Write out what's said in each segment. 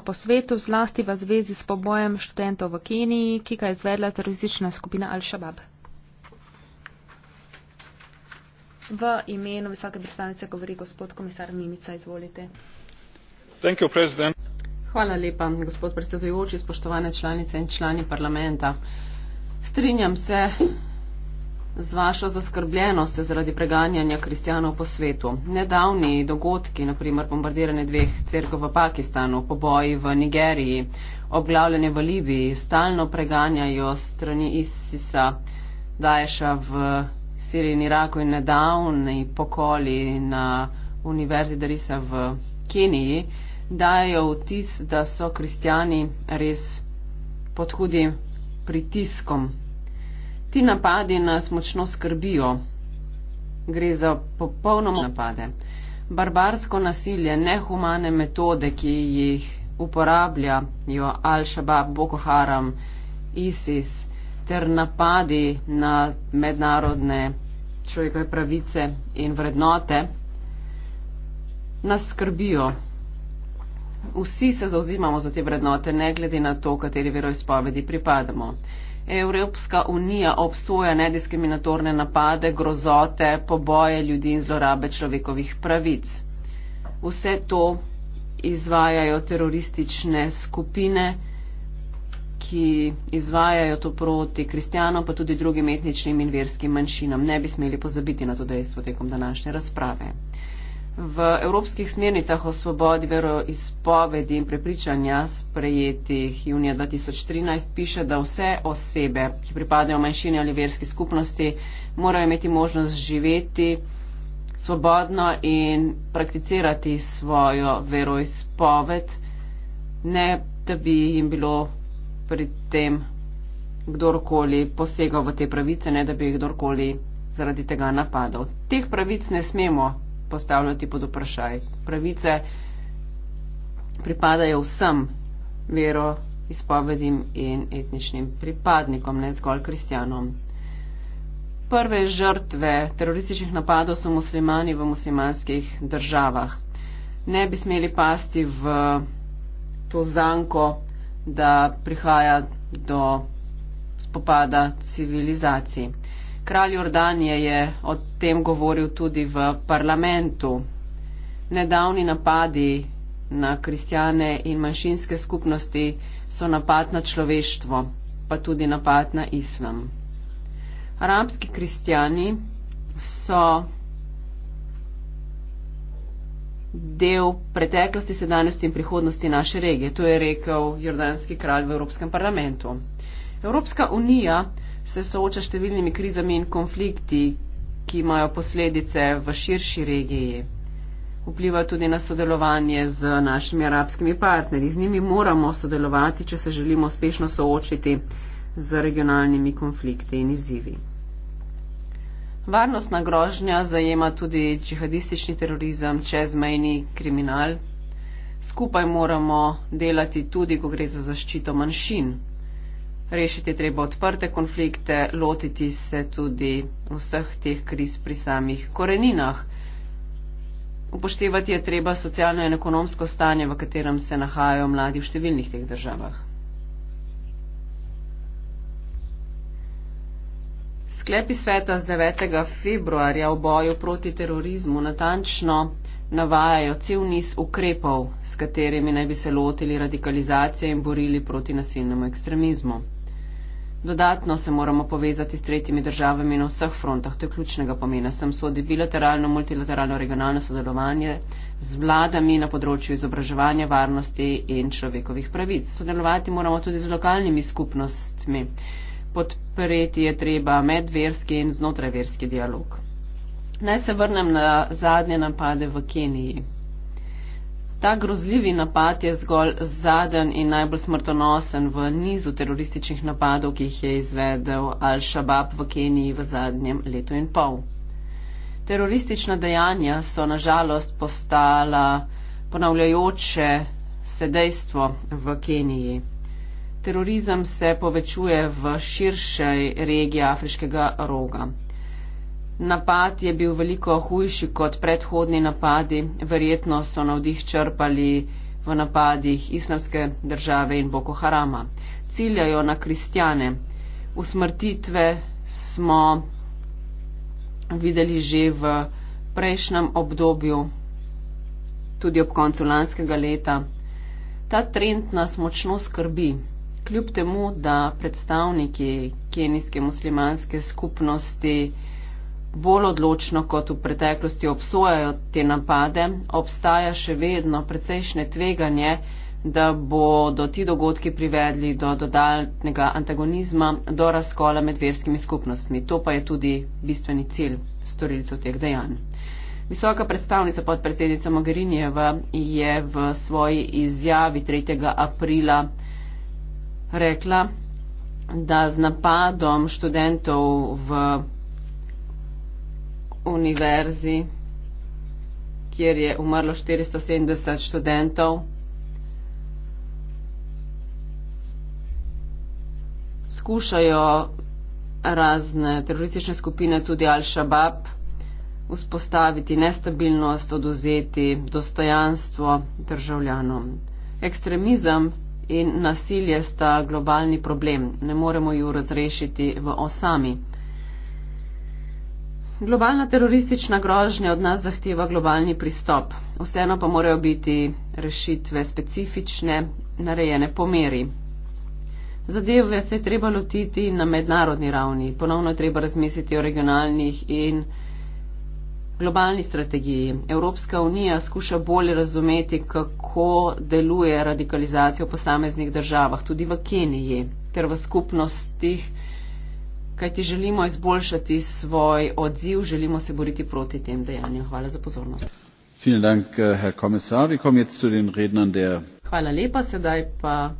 po svetu, zlasti v zvezi s pobojem študentov v Keniji, ki ga je izvedla teroristična skupina Al-Shabaab. V imenu visoke predstavnice govori gospod komisar Mimica, izvolite. You, Hvala lepa, gospod predsedujoči, spoštovane članice in člani parlamenta. Strinjam se z vašo zaskrbljenostjo zaradi preganjanja kristjanov po svetu. Nedavni dogodki, naprimer bombardiranje dveh crkv v Pakistanu, poboji v Nigeriji, obglavljanje v Libiji, stalno preganjajo strani ISIS-a, Daesha v Siriji in Iraku in nedavni pokoli na Univerzi Darisa v Keniji, dajo vtis, da so kristjani res pod hudim pritiskom Ti napadi nas močno skrbijo. Gre za popolnoma napade. Barbarsko nasilje, nehumane metode, ki jih uporabljajo Al-Shabaab, Boko Haram, ISIS, ter napadi na mednarodne človekove pravice in vrednote, nas skrbijo. Vsi se zauzimamo za te vrednote, ne glede na to, kateri veroizpovedi pripadamo. Evropska unija obsoja nediskriminatorne napade, grozote, poboje ljudi in zlorabe človekovih pravic. Vse to izvajajo teroristične skupine, ki izvajajo to proti kristjanom, pa tudi drugim etničnim in verskim manjšinam. Ne bi smeli pozabiti na to dejstvo tekom današnje razprave. V evropskih smernicah o svobodi veroizpovedi in prepričanja sprejetih junija 2013 piše, da vse osebe, ki pripadajo manjšini ali verski skupnosti, morajo imeti možnost živeti svobodno in prakticirati svojo veroizpoved, ne da bi jim bilo pri tem kdorkoli posegal v te pravice, ne da bi jih kdorkoli zaradi tega napadal. Teh pravic ne smemo postavljati pod vprašaj. Pravice pripadajo vsem vero, izpovedim in etničnim pripadnikom, ne zgolj kristjanom. Prve žrtve terorističnih napadov so muslimani v muslimanskih državah. Ne bi smeli pasti v to zanko, da prihaja do spopada civilizacij. Uh, Kralj Jordanije je o tem govoril tudi v parlamentu. Nedavni napadi na kristjane in manjšinske skupnosti so napad na človeštvo, pa tudi napad na islam. Arabski kristjani so del preteklosti, sedanjosti in prihodnosti naše regije. To je rekel jordanski kralj v Evropskem parlamentu. Evropska unija se sooča s številnimi krizami in konflikti, ki imajo posledice v širši regiji. Vpliva tudi na sodelovanje z našimi arabskimi partnerji. Z njimi moramo sodelovati, če se želimo uspešno soočiti z regionalnimi konflikti in izzivi. Varnostna grožnja zajema tudi džihadistični terorizem, čezmejni kriminal. Skupaj moramo delati tudi, ko gre za zaščito manjšin rešiti je treba odprte konflikte, lotiti se tudi vseh teh kriz pri samih koreninah. Upoštevati je treba socialno in ekonomsko stanje, v katerem se nahajajo mladi v številnih teh državah. Sklepi sveta z 9. februarja v boju proti terorizmu natančno navajajo cel niz ukrepov, s katerimi naj bi se lotili radikalizacije in borili proti nasilnemu ekstremizmu. Dodatno se moramo povezati s tretjimi državami na vseh frontah, to je ključnega pomena. Sem sodi bilateralno, multilateralno, regionalno sodelovanje z vladami na področju izobraževanja, varnosti in človekovih pravic. Sodelovati moramo tudi z lokalnimi skupnostmi. Podpreti je treba medverski in znotrajverski dialog. Naj se vrnem na zadnje napade v Keniji. Ta grozljivi napad je zgolj zadnji in najbolj smrtonosen v nizu terorističnih napadov, ki jih je izvedel Al-Shabaab v Keniji v zadnjem letu in pol. Teroristična dejanja so nažalost postala ponavljajoče se dejstvo v Keniji. Terorizem se povečuje v širšej regiji afriškega roga. Napad je bil veliko hujši kot predhodni napadi. Verjetno so navdih črpali v napadih islamske države in Boko Harama. Ciljajo na kristjane. Usmrtitve smo videli že v prejšnjem obdobju, tudi ob koncu lanskega leta. Ta trend nas močno skrbi. Kljub temu, da predstavniki kenijske muslimanske skupnosti bolj odločno kot v preteklosti obsojajo te napade, obstaja še vedno precejšnje tveganje, da bodo ti dogodki privedli do dodatnega antagonizma, do razkola med verskimi skupnostmi. To pa je tudi bistveni cilj storilcev teh dejanj. Visoka predstavnica podpredsednica Mogherinjeva je v svoji izjavi 3. aprila rekla, da z napadom študentov v univerzi, kjer je umrlo 470 študentov. Skušajo razne teroristične skupine, tudi Al-Shabaab, vzpostaviti nestabilnost, oduzeti dostojanstvo državljanom. Ekstremizem in nasilje sta globalni problem, ne moremo ju razrešiti v osami. Globalna teroristična grožnja od nas zahteva globalni pristop. Vseeno pa morajo biti rešitve specifične, narejene po meri. Zadeve se je treba lotiti na mednarodni ravni. Ponovno je treba razmisliti o regionalnih in globalni strategiji. Evropska unija skuša bolje razumeti, kako deluje radikalizacija v posameznih državah, tudi v Keniji ter v skupnostih, kajti želimo izboljšati svoj odziv, želimo se boriti proti tem dejanjem. Hvala za pozornost. Eh, hvala lepa, sedaj pa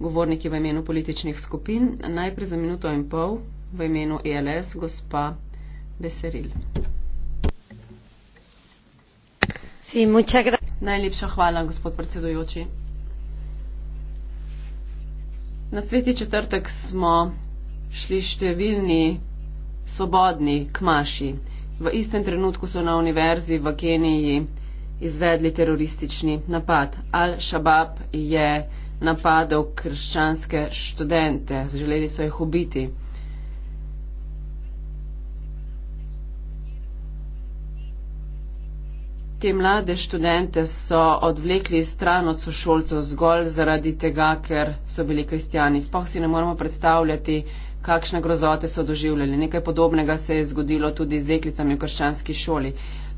govorniki v imenu političnih skupin. Najprej za minuto in pol v imenu ELS gospa Beseril. Sí, Najlepša hvala, gospod predsedujoči. Na sveti četrtek smo šli številni svobodni kmaši. V istem trenutku so na univerzi v Keniji izvedli teroristični napad. Al-Shabaab je napadel krščanske študente, želeli so jih ubiti. Te mlade študente so odvlekli stran od sošolcev zgolj zaradi tega, ker so bili kristijani. Spoh si ne moremo predstavljati, kakšne grozote so doživljali. Nekaj podobnega se je zgodilo tudi z deklicami v krščanski šoli.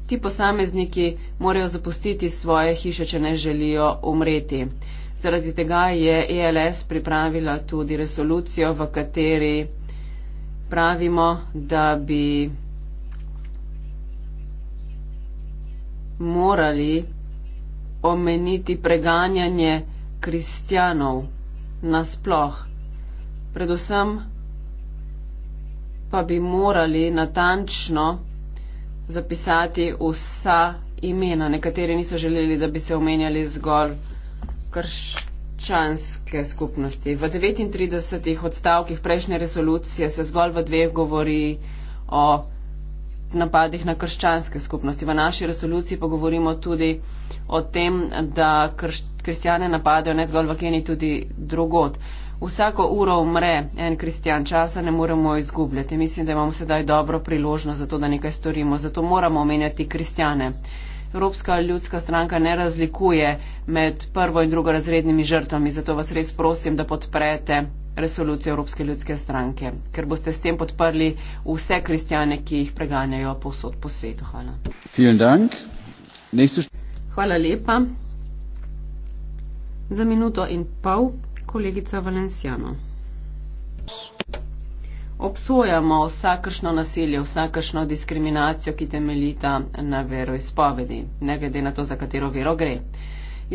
Ti posamezniki morajo zapustiti svoje hiše, če ne želijo umreti. Zaradi tega je ELS pripravila tudi resolucijo, v kateri pravimo, da bi morali omeniti preganjanje kristjanov nasploh. Predvsem pa bi morali natančno zapisati vsa imena. Nekateri niso želeli, da bi se omenjali zgolj krščanske skupnosti. V 39 odstavkih prejšnje resolucije se zgolj v dveh govori o napadih na krščanske skupnosti. V naši resoluciji pa govorimo tudi o tem, da krš, kristjane napadajo ne zgolj v Keniji, tudi drugod. Vsako uro umre en kristjan, časa ne moremo izgubljati. Mislim, da imamo sedaj dobro priložnost za to, da nekaj storimo. Zato moramo omenjati kristjane. Evropska ljudska stranka ne razlikuje med prvo in drugo razrednimi žrtvami, zato vas res prosim, da podprete resolucijo Evropske ljudske stranke, ker boste s tem podprli vse kristjane, ki jih preganjajo povsod po svetu. Hvala. Hvala lepa. Za minuto in pol kolegica Valenciano. Obsojamo vsakršno nasilje, vsakršno diskriminacijo, ki temeljita na veroizpovedi, ne glede na to, za katero vero gre.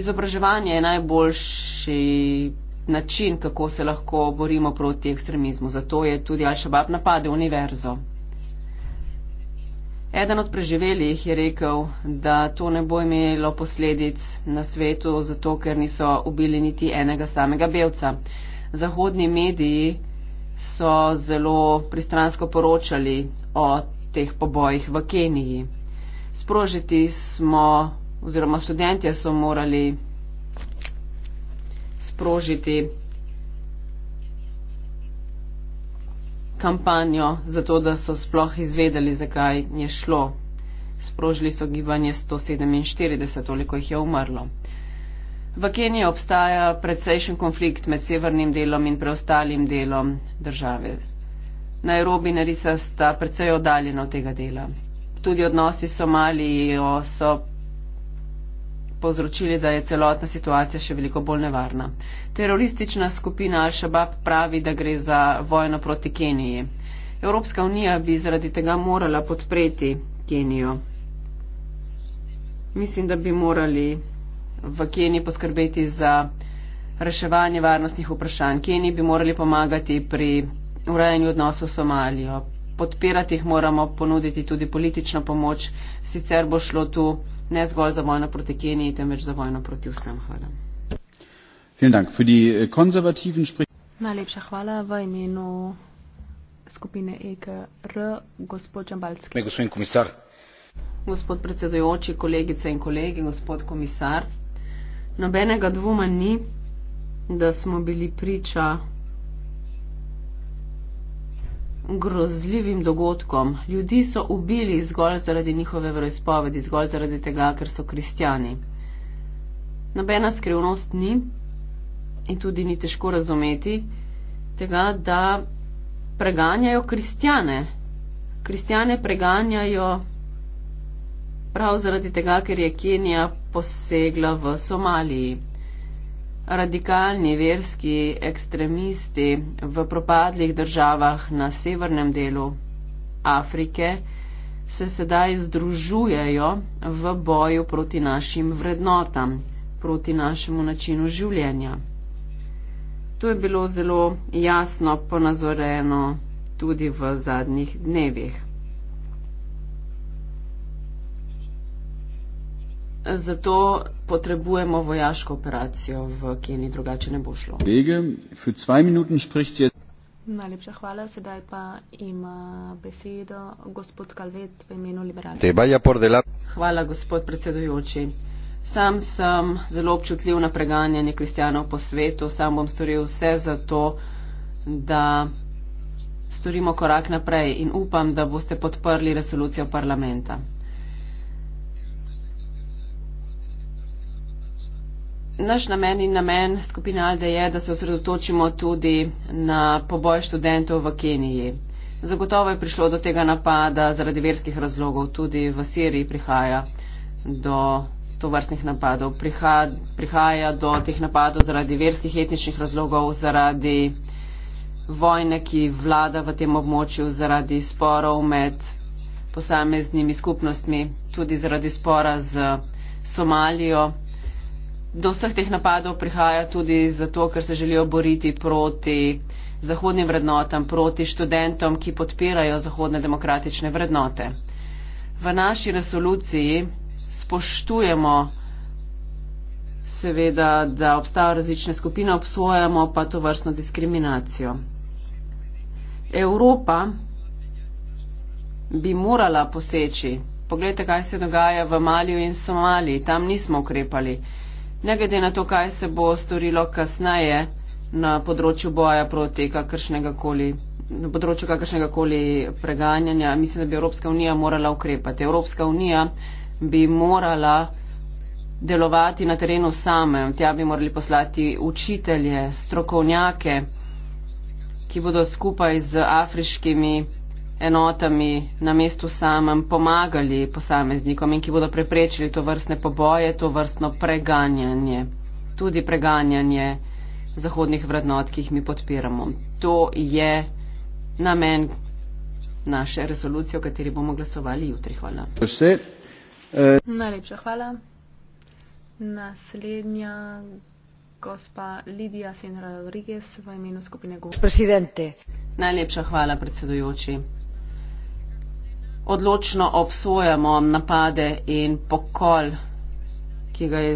Izobraževanje je najboljši način, kako se lahko borimo proti ekstremizmu. Zato je tudi Al-Shabaab napadel univerzo. Eden od preživelih je rekel, da to ne bo imelo posledic na svetu, zato ker niso ubili niti enega samega belca. Zahodni mediji so zelo pristransko poročali o teh pobojih v Keniji. Sprožiti smo, oziroma študentje so morali sprožiti kampanjo, zato da so sploh izvedeli, zakaj je šlo. Sprožili so gibanje 147, toliko jih je umrlo. V Keniji obstaja precejšen konflikt med severnim delom in preostalim delom države. Na Evropi narisa sta precej oddaljena od tega dela. Tudi odnosi s Somalijo so povzročili, da je celotna situacija še veliko bolj nevarna. Teroristična skupina Al-Shabaab pravi, da gre za vojno proti Keniji. Evropska unija bi zaradi tega morala podpreti Kenijo. Mislim, da bi morali v Keniji poskrbeti za reševanje varnostnih vprašanj. Keniji bi morali pomagati pri urejanju odnosov s Somalijo. Podpirati jih moramo, ponuditi tudi politično pomoč, sicer bo šlo tu ne zgolj za vojno proti Keniji, temveč za vojno proti vsem. Hvala. Äh, Najlepša hvala v imenu skupine EGR, gospod Čambalski. Gospod komisar. Gospod predsedujoči, kolegice in kolegi, gospod komisar. Nobenega dvoma ni, da smo bili priča grozljivim dogodkom. Ljudi so ubili zgolj zaradi njihove veroizpovedi, zgolj zaradi tega, ker so kristijani. Nobena skrivnost ni in tudi ni težko razumeti tega, da preganjajo kristijane. Kristijane preganjajo prav zaradi tega, ker je Kenija posegla v Somaliji radikalni verski ekstremisti v propadlih državah na severnem delu Afrike se sedaj združujejo v boju proti našim vrednotam, proti našemu načinu življenja. To je bilo zelo jasno ponazoreno tudi v zadnjih dnevih. Zato potrebujemo vojaško operacijo v Keniji, drugače ne bo šlo. Najlepša hvala, sedaj pa ima besedo gospod Kalvet v imenu liberalnega. Hvala, gospod predsedujoči. Sam sem zelo občutljiv na preganjanje kristijanov po svetu, sam bom storil vse za to, da storimo korak naprej in upam, da boste podprli resolucijo parlamenta. naš namen in namen skupine Alde je, da se osredotočimo tudi na poboj študentov v Keniji. Zagotovo je prišlo do tega napada zaradi verskih razlogov, tudi v Siriji prihaja do tovrstnih napadov. Priha, prihaja do teh napadov zaradi verskih etničnih razlogov, zaradi vojne, ki vlada v tem območju, zaradi sporov med posameznimi skupnostmi, tudi zaradi spora z Somalijo do vseh teh napadov prihaja tudi zato, ker se želijo boriti proti zahodnim vrednotam, proti študentom, ki podpirajo zahodne demokratične vrednote. V naši resoluciji spoštujemo seveda, da obstajajo različne skupine, obsojamo pa to vrstno diskriminacijo. Evropa bi morala poseči. Poglejte, kaj se dogaja v Maliju in Somaliji. Tam nismo ukrepali ne glede na to, kaj se bo storilo kasneje na področju boja proti kakršnegakoli. Na področju kakršnega koli preganjanja, mislim, da bi Evropska unija morala ukrepati. Evropska unija bi morala delovati na terenu samem, tja bi morali poslati učitelje, strokovnjake, ki bodo skupaj z afriškimi enotami na mestu samem pomagali posameznikom in ki bodo preprečili to vrstne poboje, to vrstno preganjanje, tudi preganjanje zahodnih vrednot, ki jih mi podpiramo. To je namen naše resolucije, o kateri bomo glasovali jutri. Hvala. Eh, Najlepša hvala. Naslednja gospa Lidija Senra Rodriguez v imenu skupine GOV. Najlepša hvala, predsedujoči odločno obsojamo napade in pokol, ki ga je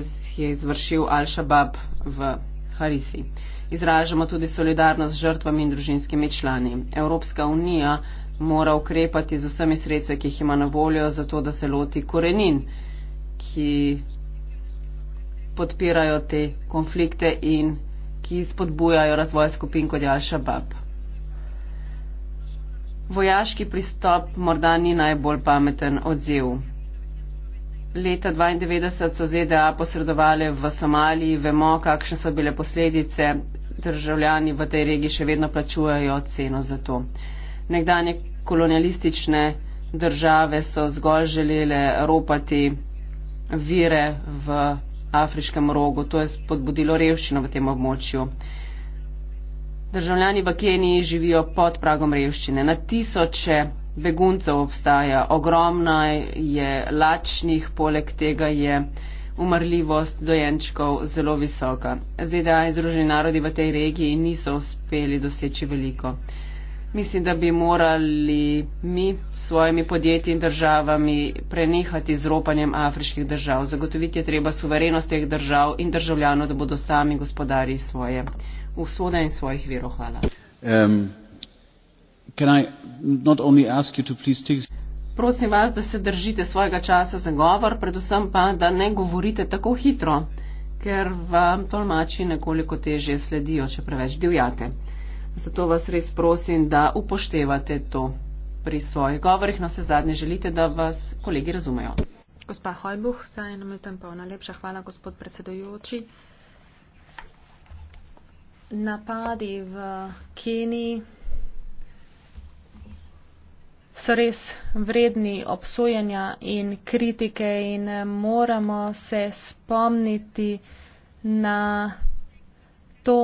izvršil Al-Shabaab v Harisi. Izražamo tudi solidarnost z žrtvami in družinskimi člani. Evropska unija mora ukrepati z vsemi sredstvi, ki jih ima na voljo, zato da se loti korenin, ki podpirajo te konflikte in ki spodbujajo razvoj skupin kot je Al-Shabaab vojaški pristop morda ni najbolj pameten odziv. Leta 1992 so ZDA posredovali v Somaliji, vemo, kakšne so bile posledice, državljani v tej regiji še vedno plačujejo ceno za to. Nekdanje kolonialistične države so zgolj želele ropati vire v afriškem rogu, to je spodbudilo revščino v tem območju. Državljani v Keniji živijo pod pragom revščine. Na tisoče beguncev obstaja, ogromna je lačnih, poleg tega je umrljivost dojenčkov zelo visoka. ZDA in Združeni narodi v tej regiji niso uspeli doseči veliko. Mislim, da bi morali mi s svojimi podjetji in državami prenehati z ropanjem afriških držav. Zagotoviti je treba suverenost teh držav in državljanov, da bodo sami gospodari svoje usode in svojih verov. Hvala. Um, Prosim vas, da se držite svojega časa za govor, predvsem pa, da ne govorite tako hitro, ker vam tolmači nekoliko težje sledijo, če preveč divjate. Zato vas res prosim, da upoštevate to pri svojih govorih. Na vse zadnje želite, da vas kolegi razumejo. Gospa Hojbuh, za eno minuto in pol najlepša hvala, gospod predsedujoči napadi v Keniji so res vredni obsojenja in kritike in moramo se spomniti na to,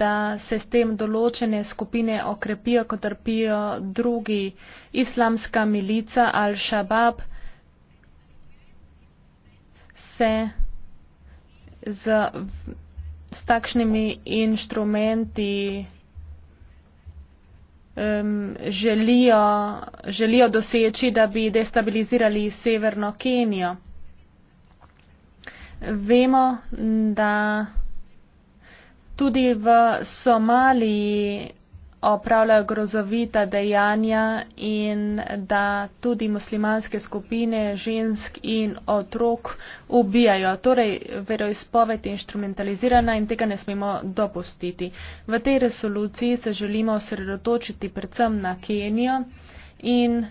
da se s tem določene skupine okrepijo, ko trpijo drugi. Islamska milica Al-Shabaab se z takšnimi inštrumenti um, želijo, želijo doseči, da bi destabilizirali severno Kenijo. Vemo, da tudi v Somaliji opravljajo grozovita dejanja in da tudi muslimanske skupine žensk in otrok ubijajo. Torej, veroizpoved je instrumentalizirana in tega ne smemo dopustiti. V tej resoluciji se želimo osredotočiti predvsem na Kenijo in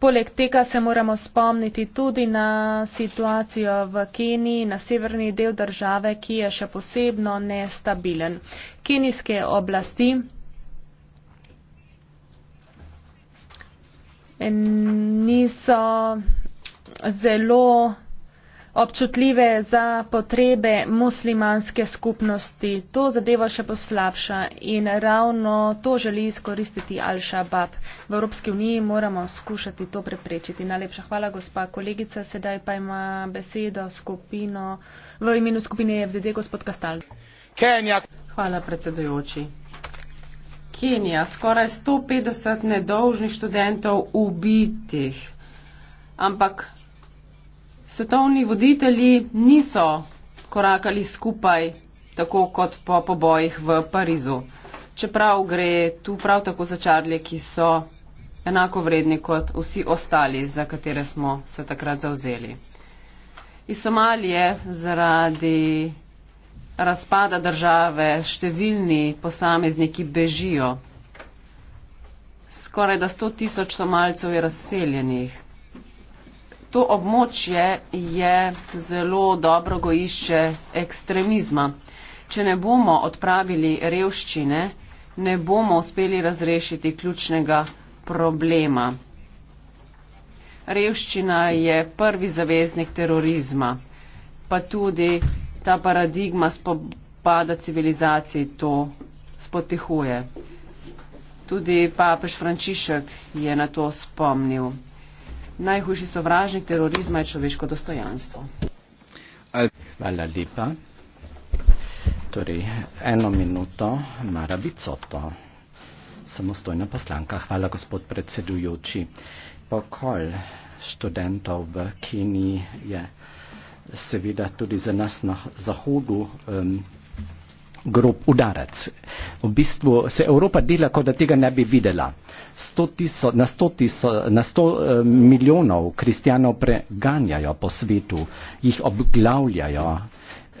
Poleg tega se moramo spomniti tudi na situacijo v Keniji, na severni del države, ki je še posebno nestabilen. Kenijske oblasti niso zelo občutljive za potrebe muslimanske skupnosti. To zadevo še poslabša in ravno to želi izkoristiti Al-Shabaab. V Evropski uniji moramo skušati to preprečiti. Najlepša hvala, gospa kolegica. Sedaj pa ima besedo skupino, v imenu skupine FDD gospod Kastal. Kenja. Hvala, predsedujoči. Kenija, skoraj 150 nedolžnih študentov ubitih. Ampak svetovni voditelji niso korakali skupaj tako kot po pobojih v Parizu. Čeprav gre tu prav tako za čarlje, ki so enako vredni kot vsi ostali, za katere smo se takrat zauzeli. Iz Somalije zaradi razpada države številni posamezniki bežijo. Skoraj da 100 tisoč somalcev je razseljenih to območje je zelo dobro gojišče ekstremizma. Če ne bomo odpravili revščine, ne bomo uspeli razrešiti ključnega problema. Revščina je prvi zaveznik terorizma, pa tudi ta paradigma spopada civilizaciji to spotihuje. Tudi papež Frančišek je na to spomnil najhujši sovražnik terorizma je človeško dostojanstvo. Hvala lepa. Torej, eno minuto, Mara Bicoto, samostojna poslanka. Hvala, gospod predsedujoči. Pokol študentov v Keniji je seveda tudi za nas na zahodu. Um, grob udarec. V bistvu se Evropa dela, kot da tega ne bi videla. Sto tiso, na, sto tiso, na sto eh, milijonov kristijanov preganjajo po svetu, jih obglavljajo. Eh,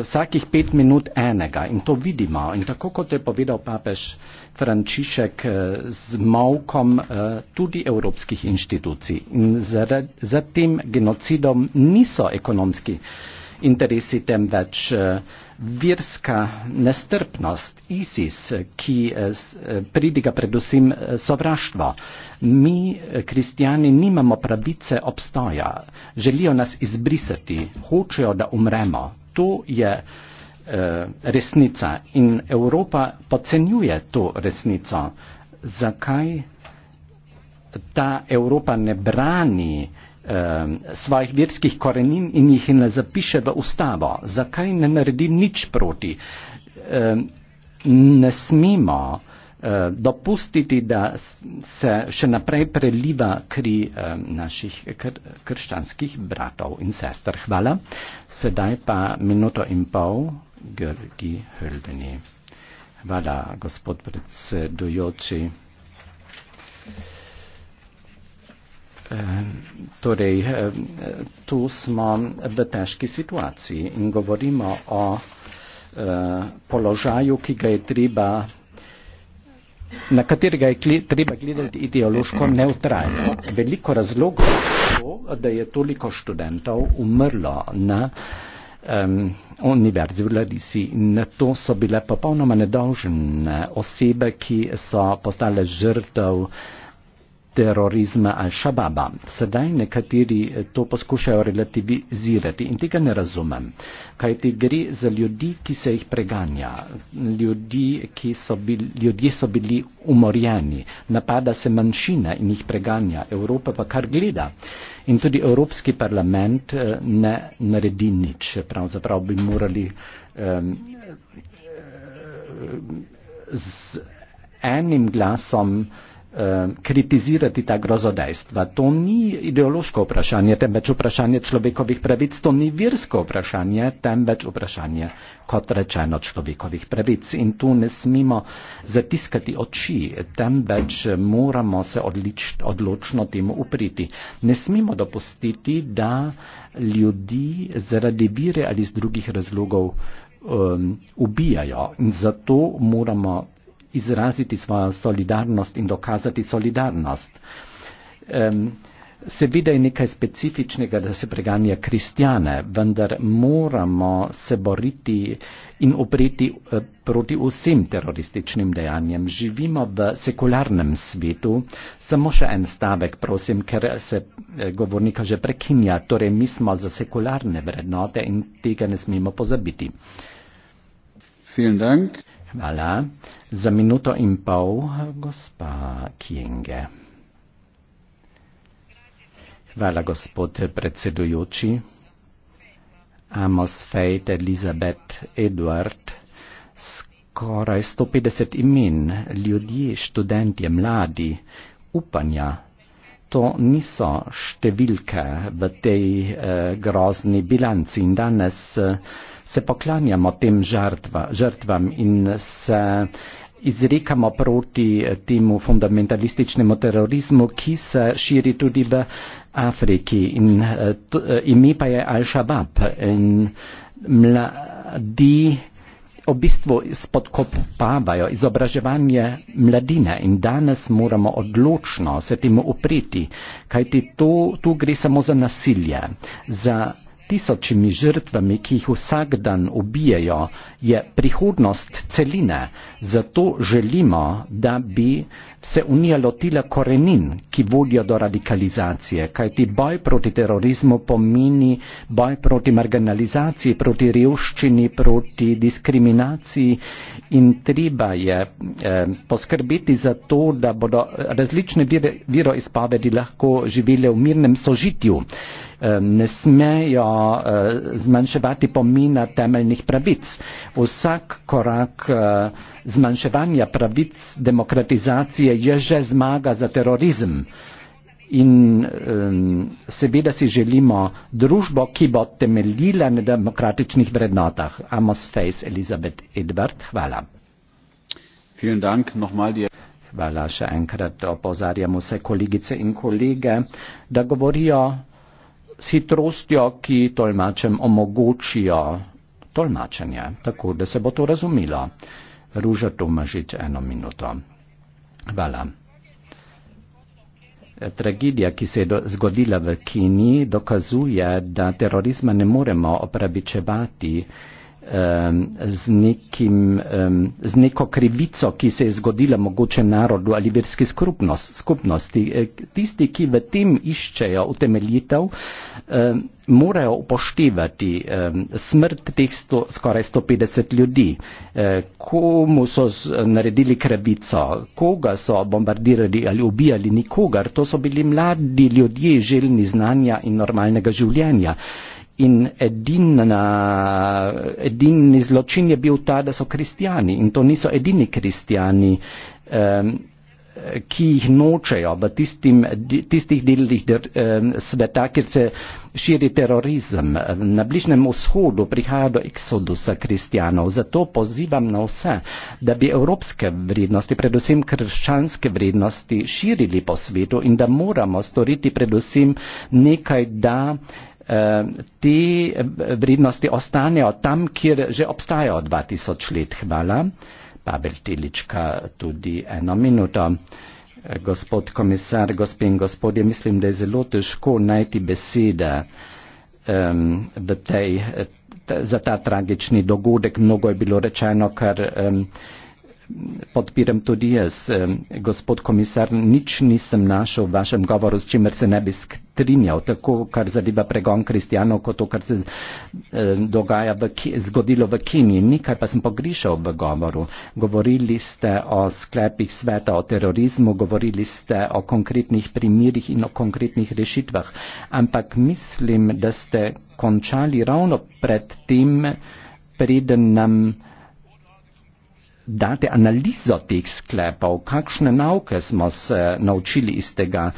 vsakih pet minut enega in to vidimo. In tako kot je povedal papež Frančišek eh, z malkom tudi evropskih inštitucij. In za tem genocidom niso ekonomski interesi temveč verska nestrpnost, ISIS, ki eh, eh, pridiga predvsem eh, sovraštvo. Mi, kristijani, nimamo pravice obstoja. Želijo nas izbrisati, hočejo, da umremo. To je resnica in Evropa podcenjuje to resnico. Zakaj ta Evropa ne brani eh, eh, svojih verskih korenin in jih ne zapiše v ustavo. Zakaj ne naredi nič proti? Eh, ne smemo eh, dopustiti, da se še naprej preliva kri eh, naših kr krščanskih bratov in sester. Hvala. Sedaj pa minuto in pol, Gergi Hrbeni. Hvala, gospod predsedujoči. Thank you. Torej, eh, tu smo v težki situaciji in govorimo o eh, položaju, ki ga je treba, na katerega je treba gledati ideološko neutralno. Veliko razlogov je to, da je toliko študentov umrlo na um, univerzi v Ladisi in na to so bile popolnoma nedolžene osebe, ki so postale žrtev uh, terorizma Al-Shababa. Sedaj nekateri eh, to poskušajo relativizirati in tega ne razumem, kaj ti gre za ljudi, ki se jih preganja. Ljudi, ki so bili, ljudje so bili umorjeni, napada se manjšina in jih preganja, Evropa pa kar gleda. In tudi Evropski parlament eh, ne naredi nič, pravzaprav bi morali. Um, z, enim glasom eh, Eh, kritizirati ta grozodejstva. To ni ideološko vprašanje, temveč vprašanje človekovih pravic, to ni virsko vprašanje, temveč vprašanje, kot rečeno, človekovih pravic. In tu ne smemo zatiskati oči, temveč moramo se odlič, odločno temu upriti. Ne smemo dopustiti, da ljudi zaradi vire ali iz drugih razlogov um, ubijajo. In zato moramo izraziti svojo solidarnost in dokazati solidarnost. Um, Seveda je nekaj specifičnega, da se preganja kristjane, vendar moramo se boriti in opreti eh, proti vsem terorističnim dejanjem. Živimo v sekularnem svetu. Samo še en stavek, prosim, ker se eh, govornika že prekinja. Torej, mi smo za sekularne vrednote in tega ne smemo pozabiti. Vielen Dank. Hvala. Za minuto in pol, gospa Kienge. Hvala, gospod predsedujoči. Amos Fejt, Elizabeth Edward, skoraj 150 imen, ljudje, študentje, mladi, upanja. To niso številke v tej eh, grozni bilanci in danes. Eh, se poklanjamo tem žrtva, žrtvam in se izrekamo proti temu fundamentalističnemu terorizmu, ki se širi tudi v Afriki. In, eh, to, eh, ime pa je Al-Shabaab in mladi v bistvu spodkopavajo izobraževanje mladine in danes moramo odločno se temu upreti, kajti to, tu gre samo za nasilje, za tisočimi žrtvami ki jih vsak dan ubijejo je prihodnost celine. Zato želimo, da bi se Unija lotila korenin, ki vodijo do radikalizacije, kajti boj proti terorizmu pomeni boj proti marginalizaciji, proti revščini, proti diskriminaciji in treba je eh, poskrbeti za to, da bodo različne vire, viro izpovedi lahko živele v mirnem sožitju. Eh, ne smejo eh, zmanjševati pomina temeljnih pravic. Vsak korak eh, zmanjševanja pravic, demokratizacije je že zmaga za terorizem. In um, seveda si želimo družbo, ki bo temeljila na demokratičnih vrednotah. Amos Face, Elizabeth Edward, hvala. Dank, die... Hvala še enkrat. Opozarjam vse kolegice in kolege, da govorijo s hitrostjo, ki tolmačem omogočijo tolmačenje, tako da se bo to razumilo. Ruža Tomažić, eno minuto. Hvala. Tragedija, ki se je zgodila v Keniji, dokazuje, da terorizma ne moremo opravičevati um, z, nekim, um, z neko krivico, ki se je zgodila mogoče narodu ali verski skupnost, skupnosti. E, tisti, ki v tem iščejo utemeljitev, um, morajo upoštevati um, smrt teh sto, skoraj 150 ljudi, um, komu so z, naredili krivico, koga so bombardirali ali ubijali, nikogar. To so bili mladi ljudje, željni znanja in normalnega življenja. In edina, edini zločin je bil ta, da so kristijani in to niso edini kristijani, eh, ki jih nočejo v tistim, tistih delih der, eh, sveta, kjer se širi terorizem. Na Bližnem vzhodu prihaja do eksodusa kristijanov. Zato pozivam na vse, da bi evropske vrednosti, predvsem krščanske vrednosti, širili po svetu in da moramo storiti predvsem nekaj, da. Eh, te eh, vrednosti ostanejo tam, kjer že obstajajo 2000 let. Hvala. Pavel Tilička tudi eno minuto. Eh, gospod komisar, gospe in gospodje, mislim, da je zelo težko najti besede um, tej, eh, ta, za ta tragični dogodek. Mnogo je bilo rečeno, ker. Um, podpiram tudi jaz. Gospod komisar, nič nisem našel v vašem govoru, s čimer se ne bi strinjal, tako kar zadeva pregon kristijanov, kot to, kar se dogaja v, zgodilo v Keniji. Nikaj pa sem pogrišal v govoru. Govorili ste o sklepih sveta, o terorizmu, govorili ste o konkretnih primirjih in o konkretnih rešitvah. Ampak mislim, da ste končali ravno pred tem, preden nam date analizo teh sklepov, kakšne nauke smo se naučili iz tega,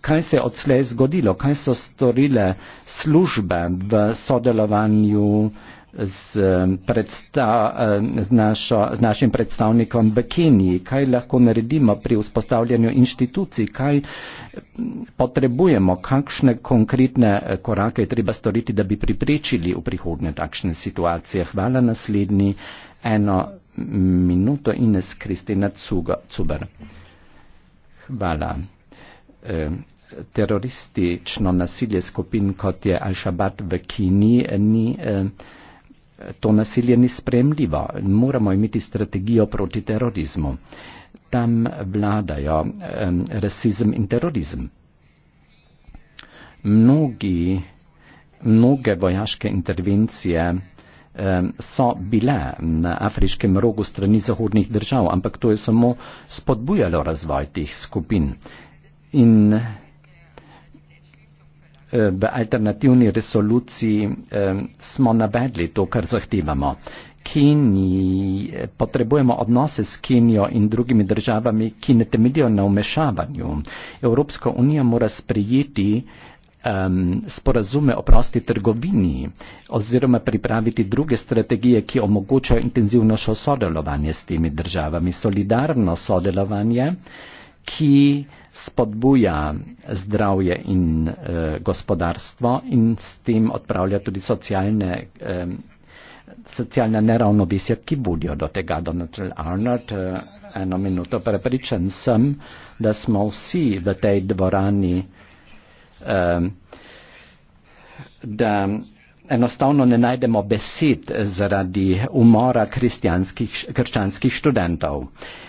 kaj se je odslej zgodilo, kaj so storile službe v sodelovanju z, predsta, z, našo, z našim predstavnikom v Keniji, kaj lahko naredimo pri vzpostavljanju inštitucij, kaj potrebujemo, kakšne konkretne eh, korake je treba storiti, da bi pripričili v prihodnje takšne situacije. Hvala naslednji. Eno minuto Ines Kristina Cuber. Hvala. E, teroristično nasilje skupin, kot je Al-Shabaab v Kini, ni, e, to nasilje ni spremljivo. Moramo imeti strategijo proti terorizmu. Tam vladajo e, rasizem in terorizem. Mnogi, mnoge vojaške intervencije so bile na afriškem rogu strani zahodnih držav, ampak to je samo spodbujalo razvoj teh skupin. In eh, v alternativni resoluciji smo navedli to, kar zahtevamo. Keniji, eh, potrebujemo odnose s Kenijo in drugimi državami, ki ne temeljijo na umešavanju. Evropska unija mora sprejeti um, sporazume o prosti trgovini oziroma pripraviti druge strategije, ki omogočajo intenzivno šo sodelovanje s temi državami, solidarno sodelovanje, ki spodbuja zdravje in uh, gospodarstvo in s tem odpravlja tudi socialne. Um, socialna neravnovesja, ki vodijo do tega. Donald Arnold, eh, eno minuto prepričan sem, da smo vsi v tej dvorani da enostavno ne najdemo besed zaradi umora krščanskih študentov.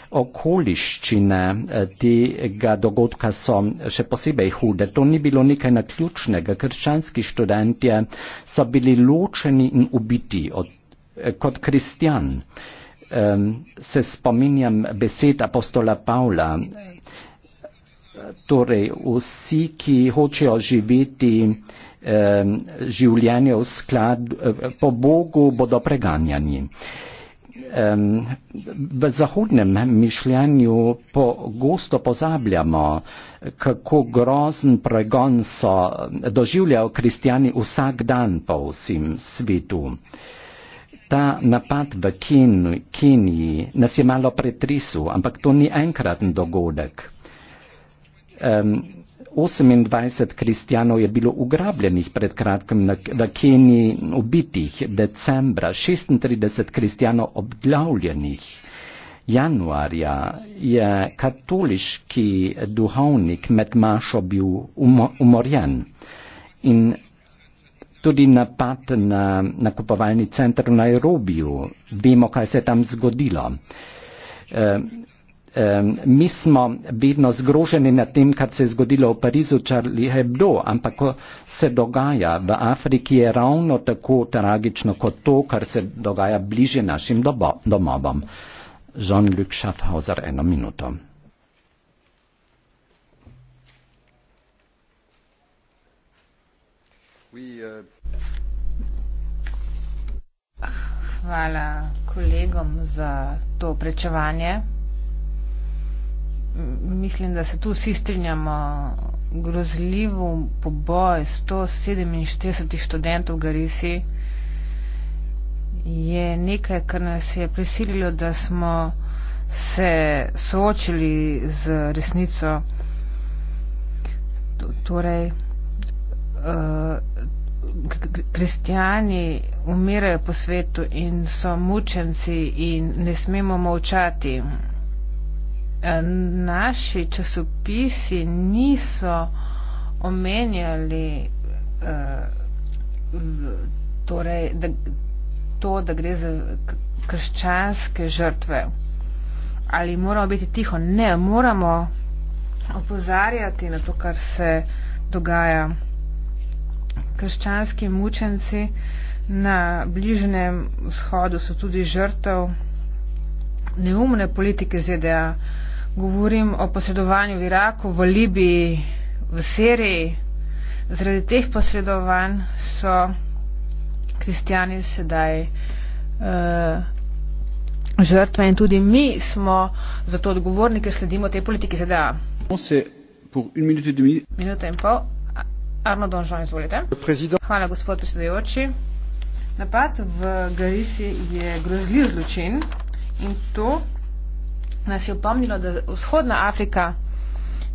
Okoliščine eh, tega dogodka so še posebej hude. To ni bilo nekaj naključnega. Krščanski študentje so bili ločeni in ubiti od, eh, kot kristjan. Se spominjam besed apostola Pavla, torej vsi, ki hočejo živeti eh, življenje v skladu eh, po Bogu, bodo preganjani. V zahodnem mišljenju pogosto pozabljamo, kako grozen pregon so doživljali kristijani vsak dan po vsem svetu. Ta napad v Keniji nas je malo pretrisil, ampak to ni enkraten dogodek um, 28 kristijanov je bilo ugrabljenih pred kratkim na, na Keniji, ubitih decembra, 36 kristijanov obdavljenih. Januarja je katoliški duhovnik med mašo bil umorjen in tudi napad na nakupovalni center v Nairobiju. Vemo, kaj se je tam zgodilo mi smo vedno zgroženi nad tem, kar se je zgodilo v Parizu, Charlie Hebdo, ampak ko se dogaja v Afriki, je ravno tako tragično kot to, kar se dogaja bliže našim dobo, domovom. Jean-Luc Schaffhauser, eno minuto. Uh, Hvala kolegom za to prečevanje mislim, da se tu vsi strinjamo, grozljivo poboj 147 študentov v Garisi je nekaj, kar nas je prisililo, da smo se soočili z resnico. Torej, eh, kristijani umirajo po svetu in so mučenci in ne smemo molčati. Eh, naši časopisi niso omenjali eh, torej, da, to, da gre za krščanske žrtve. Ali moramo biti tiho? Ne, moramo opozarjati na to, kar se dogaja krščanski mučenci. Na bližnjem vzhodu so tudi žrtev neumne politike ZDA. Uh, govorim o posredovanju v Iraku, v Libiji, v Siriji. Zaradi teh posredovanj so kristijani sedaj uh, žrtve in tudi mi smo za to odgovorni, ker sledimo tej politiki ZDA. Minuta in pol. Arno Donžon, izvolite. Hvala, gospod predsedujoči. Napad v Garisi je grozljiv zločin in to nas je opomnilo, da vzhodna Afrika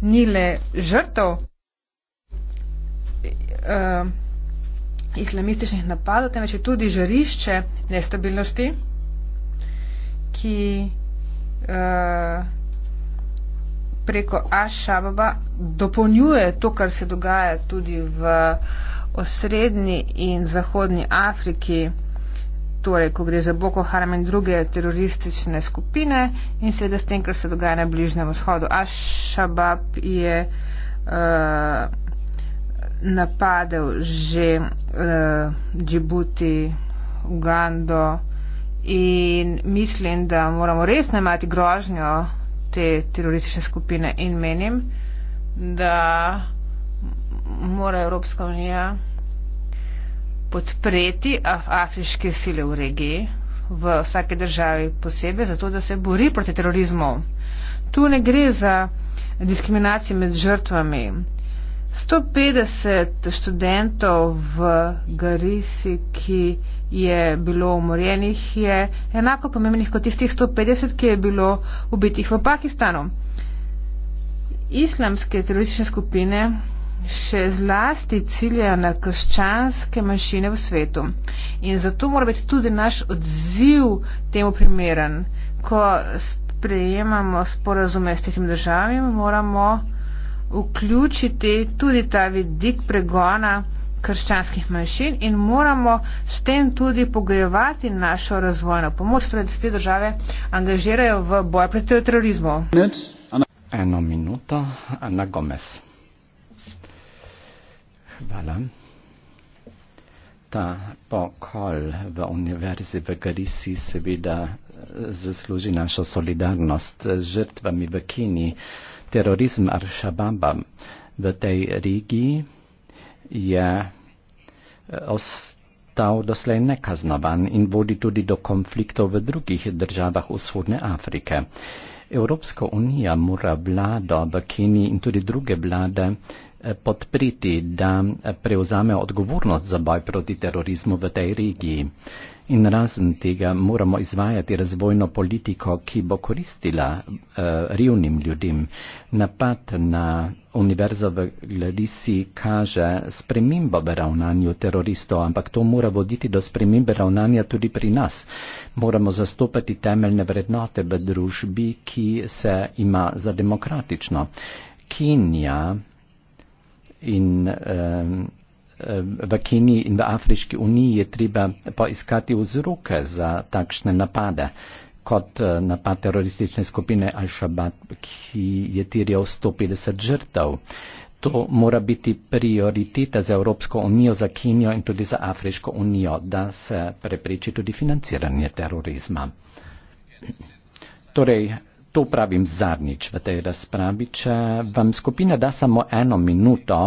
ni le žrtov uh, eh, islamističnih napadov, temveč je tudi žarišče nestabilnosti, ki uh, preko Ašababa dopolnjuje to, kar se dogaja tudi v osrednji in zahodni Afriki torej, ko gre za Boko Haram in druge teroristične skupine in seveda s tem, kar se dogaja na Bližnem vzhodu. Ashabab je uh, napadel že uh, eh, Džibuti, Ugando in mislim, da moramo res najmati grožnjo te teroristične skupine in menim, da mora Evropska unija podpreti af afriške sile v regiji, v vsake državi posebej, zato da se bori proti terorizmu. Tu ne gre za diskriminacijo med žrtvami. 150 študentov v Garisi, ki je bilo umorjenih, je enako pomembnih kot tistih 150, ki je bilo ubitih v Pakistanu. Islamske teroristične skupine še zlasti ciljajo na krščanske manjšine v svetu. In zato mora biti tudi naš odziv temu primeren. Ko sprejemamo sporazume s tem državami, moramo vključiti tudi ta vidik pregona krščanskih manjšin in moramo s tem tudi pogojevati našo razvojno pomoč, torej da se te države angažirajo v boj proti terorizmu. Eno minuto, Ana Gomez. Hvala. Ta pokol v univerzi v Garisi seveda eh, zasluži našo solidarnost z žrtvami v Kini. Terorizm Aršababa v tej regiji je eh, ostal doslej nekaznovan in vodi tudi do konfliktov v drugih državah vzhodne Afrike. Evropska unija mora vlado v Keniji in tudi druge vlade Eh, podpriti, da eh, prevzame odgovornost za boj proti terorizmu v tej regiji. In razen tega moramo izvajati razvojno politiko, ki bo koristila uh, revnim ljudem. Napad na univerzo v Glarisi kaže spremembo v ravnanju teroristov, ampak to mora voditi do spremembe ravnanja tudi pri nas. Moramo zastopati temeljne vrednote v družbi, ki se ima za demokratično. Kenija in v Keniji in v Afriški uniji je treba poiskati vzroke za takšne napade, kot eh, napad teroristične skupine Al-Shabaab, ki je tirjal 150 žrtev. To mora biti prioriteta za Evropsko unijo, za Kenijo in tudi za Afriško unijo, da se prepreči tudi financiranje terorizma. Torej, to pravim zadnjič v tej razpravi. Če vam skupina da samo eno minuto,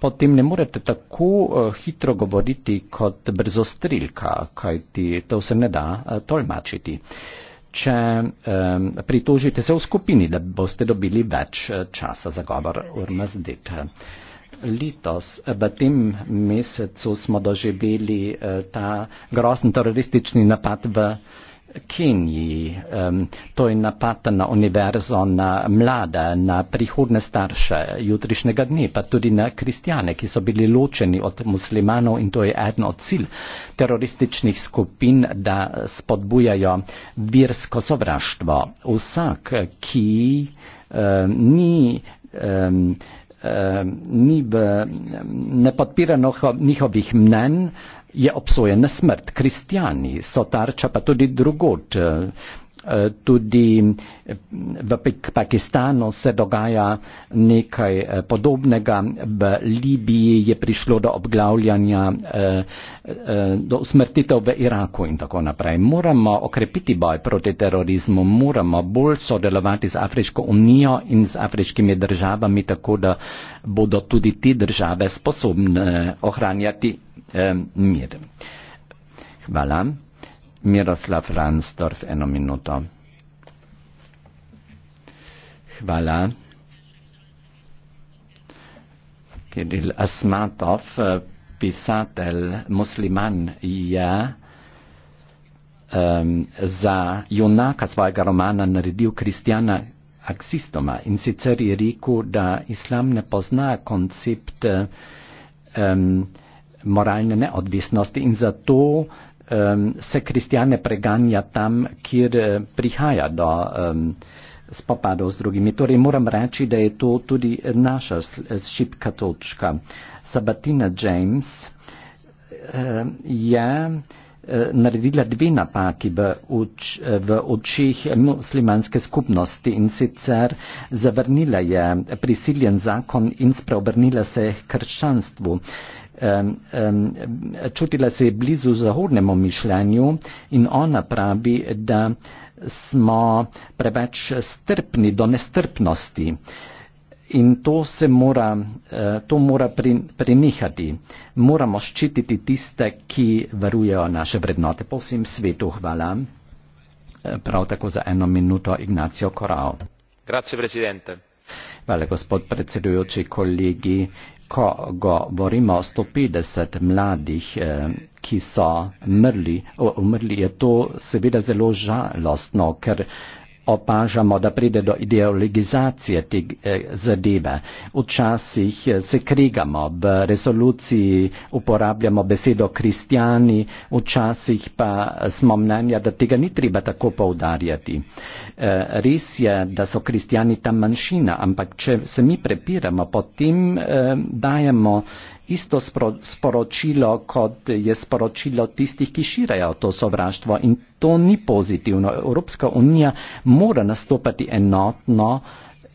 potem ne morete tako eh, hitro govoriti kot brzostrilka, kajti to se ne da eh, tolmačiti. Če um, pritožite se v skupini, da boste dobili več eh, časa za govor urmazdit. Litos, v tem mesecu smo doživeli uh, ta grozen teroristični napad v. Keniji. Um, to je napad na univerzo, na mlade, na prihodne starše jutrišnjega dne, pa tudi na kristijane, ki so bili ločeni od muslimanov in to je eden od cilj terorističnih skupin, da spodbujajo virsko sovraštvo. Vsak, ki um, ni. Um, Ni v nepodpiranju njihovih mnen, je obsojen na smrt. Kristijani so tarča pa tudi drugod. Eh, Eh, tudi eh, v Pakistanu se dogaja nekaj eh, podobnega. V Libiji je prišlo do obglavljanja, do smrtitev v Iraku in tako naprej. Moramo okrepiti boj proti terorizmu, moramo bolj sodelovati z Afriško unijo in z afriškimi državami, tako da bodo tudi ti države sposobne ohranjati mir. Hvala. Miroslav Ransdorf, eno minuto. Hvala. Kiril Asmatov, eh, pisatelj musliman, je um, za junaka svojega romana naredil kristjana Aksistoma in sicer je rekel, da islam ne pozna koncept um, moralne neodvisnosti in zato um, se kristjane preganja tam, kjer eh, prihaja do um, spopadov z drugimi. Torej moram reči, da je to tudi naša šipka točka. Sabatina James um, je eh, naredila dve napaki v, uč, eh, v očih muslimanske skupnosti in sicer zavrnila je prisiljen zakon in spreobrnila se k krščanstvu. Uh, um, um, čutila se je blizu zahodnemu mišljenju in ona pravi, da smo preveč strpni do nestrpnosti. In to se mora, e, to mora prenehati. Moramo ščititi tiste, ki varujejo naše vrednote. Po vsem svetu hvala. E, prav tako za eno minuto Ignacio Korao. Hvala, gospod predsedujoči, kolegi ko govorimo 150 mladih, eh, ki so mrli, umrli, je to seveda zelo žalostno, ker opažamo, da pride do ideologizacije te eh, zadeve. Včasih eh, se krigamo, v resoluciji uporabljamo besedo kristijani, včasih pa smo mnenja, da tega ni treba tako poudarjati. Eh, res je, da so kristijani ta manjšina, ampak če se mi prepiramo, potem eh, dajemo isto spro, sporočilo, kot je sporočilo tistih, ki širajo to sovraštvo to ni pozitivno. Evropska unija mora nastopati enotno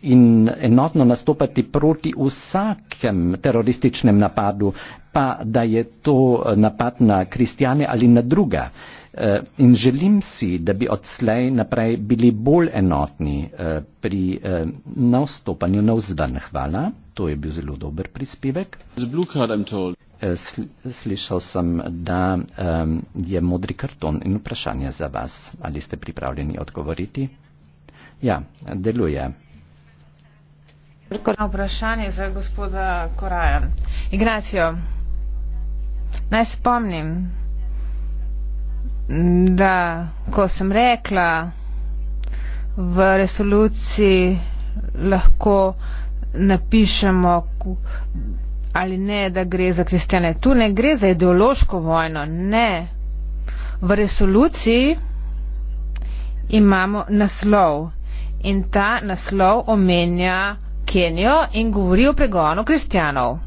in enotno nastopati proti vsakem terorističnem napadu, pa da je to napad na kristjane ali na druga. Eh, in želim si, da bi odslej naprej bili bolj enotni eh, pri nastopanju eh, na vzdan. Hvala. To je bil zelo dober prispevek. Eh, slišal sem, da um, je modri karton in vprašanje za vas. Ali ste pripravljeni odgovoriti? Ja, deluje. Vprašanje za gospoda Koraja. Igracijo, naj spomnim, da ko sem rekla v resoluciji, lahko napišemo ali ne, da gre za kristjane. Tu ne gre za ideološko vojno, ne. V resoluciji imamo naslov in ta naslov omenja Kenijo in govori o pregonu kristjanov.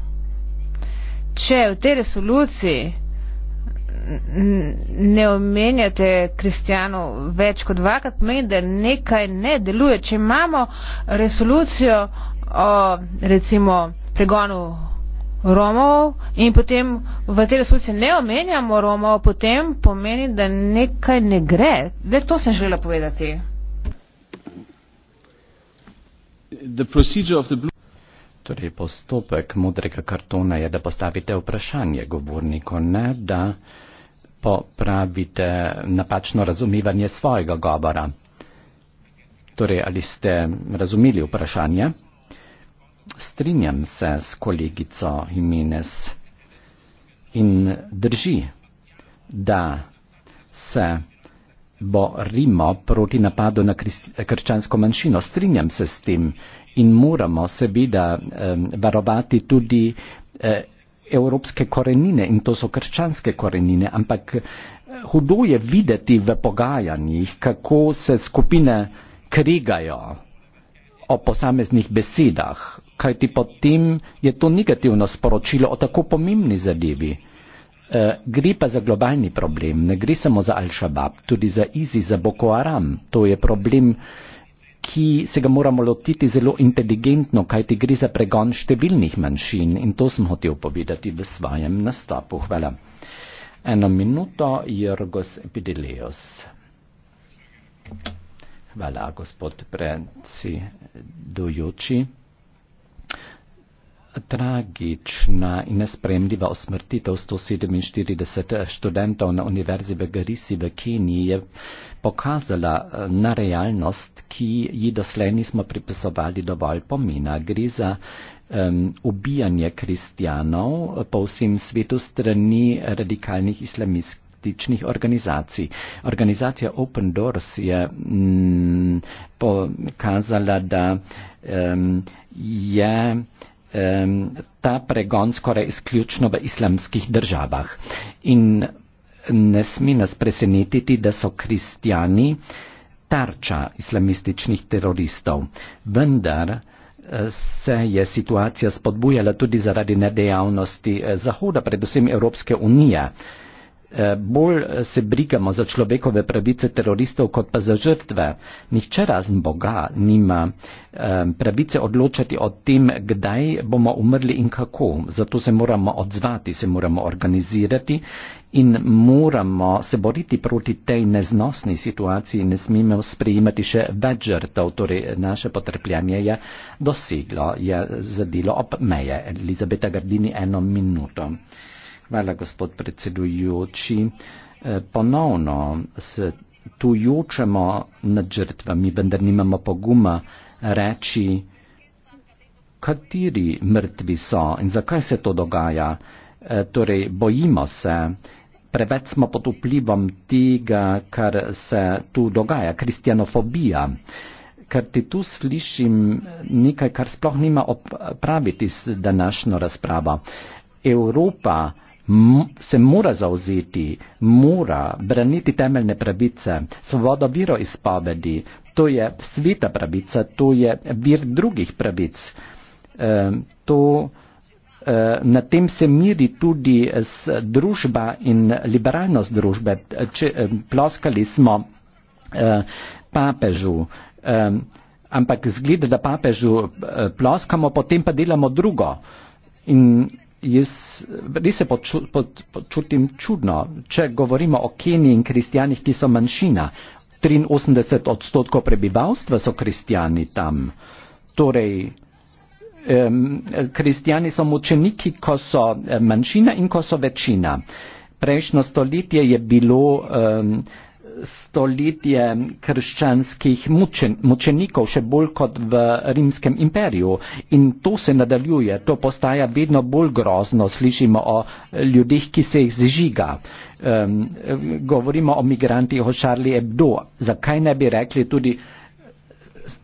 Če v tej resoluciji ne omenjate kristjanov več kot dvakrat, pomeni, da nekaj ne deluje. Če imamo resolucijo o recimo pregonu Romov in potem v tej resoluciji ne omenjamo Romov, potem pomeni, da nekaj ne gre. Da to sem želela povedati. Torej, postopek modrega kartona je, da postavite vprašanje govorniku, ne da popravite napačno razumivanje svojega govora. Torej, ali ste razumeli vprašanje? strinjam se s kolegico Jimenez in drži, da se borimo proti napadu na krščansko manjšino. Strinjam se s tem in moramo seveda varovati tudi eh, evropske korenine in to so krščanske korenine, ampak eh, hudo je videti v pogajanjih, kako se skupine kregajo o posameznih besedah, kajti potem je to negativno sporočilo o tako pomembni zadevi. Uh, gre pa za globalni problem, ne gre samo za Al-Shabaab, tudi za Izi, za Boko Haram. To je problem, ki se ga moramo lotiti zelo inteligentno, kajti gre za pregon številnih manjšin in to sem hotel povedati v svojem nastopu. Hvala. Eno minuto, Jorgos Epidelejos. Hvala, gospod predsedujoči. Tragična in nespremljiva osmrtitev 147 eh, študentov na Univerzi v Garisi v Keniji je pokazala eh, na realnost, ki ji doslej nismo pripisovali dovolj pomena. Gre za um, ubijanje kristjanov eh, po vsem svetu strani radikalnih islamistov. Organizacij. Organizacija Open Doors je mm, pokazala, da um, je um, ta pregon skoraj izključno v islamskih državah. In ne smi nas presenetiti, da so kristijani tarča islamističnih teroristov. Vendar eh, se je situacija spodbujala tudi zaradi nedejavnosti eh, Zahoda, predvsem Evropske unije. Eh, bolj eh, se brigamo za človekove pravice teroristov, kot pa za žrtve. Nihče razen Boga nima eh, pravice odločati o tem, kdaj bomo umrli in kako. Zato se moramo odzvati, se moramo organizirati in moramo se boriti proti tej neznosni situaciji. Ne smemo sprejemati še več žrtev, torej naše potrpljanje je doseglo, je zadelo ob meje. Elizabeta Gardini eno minuto. Hvala, gospod predsedujoči. Eh, ponovno se tu jučemo nad žrtvami, vendar nimamo poguma reči, kateri mrtvi so in zakaj se to dogaja. Eh, torej, bojimo se, preveč smo pod vplivom tega, kar se tu dogaja, kristjanofobija. Ker ti tu slišim nekaj, kar sploh nima opraviti s današnjo razpravo. Evropa se mora zauzeti, mora braniti temeljne pravice, svoboda viro izpovedi, to je sveta pravica, to je vir drugih pravic. E, to, e, na tem se miri tudi družba in liberalnost družbe. Če, e, ploskali smo e, papežu. E, Ampak zgleda, da papežu e, ploskamo, potem pa delamo drugo. In jaz res se počutim čudno, če govorimo o Keniji in kristijanih, ki so manjšina. 83 odstotkov prebivalstva so kristijani tam. Torej, um, kristijani so mučeniki, ko so manjšina in ko so večina. Prejšnjo stoletje je bilo. Um, stoletje krščanskih mučen, mučenikov, še bolj kot v rimskem imperiju. In to se nadaljuje, to postaja vedno bolj grozno, slišimo o ljudeh, ki se jih zžiga. Um, govorimo o migrantih, o Charlie Hebdo. Zakaj ne bi rekli tudi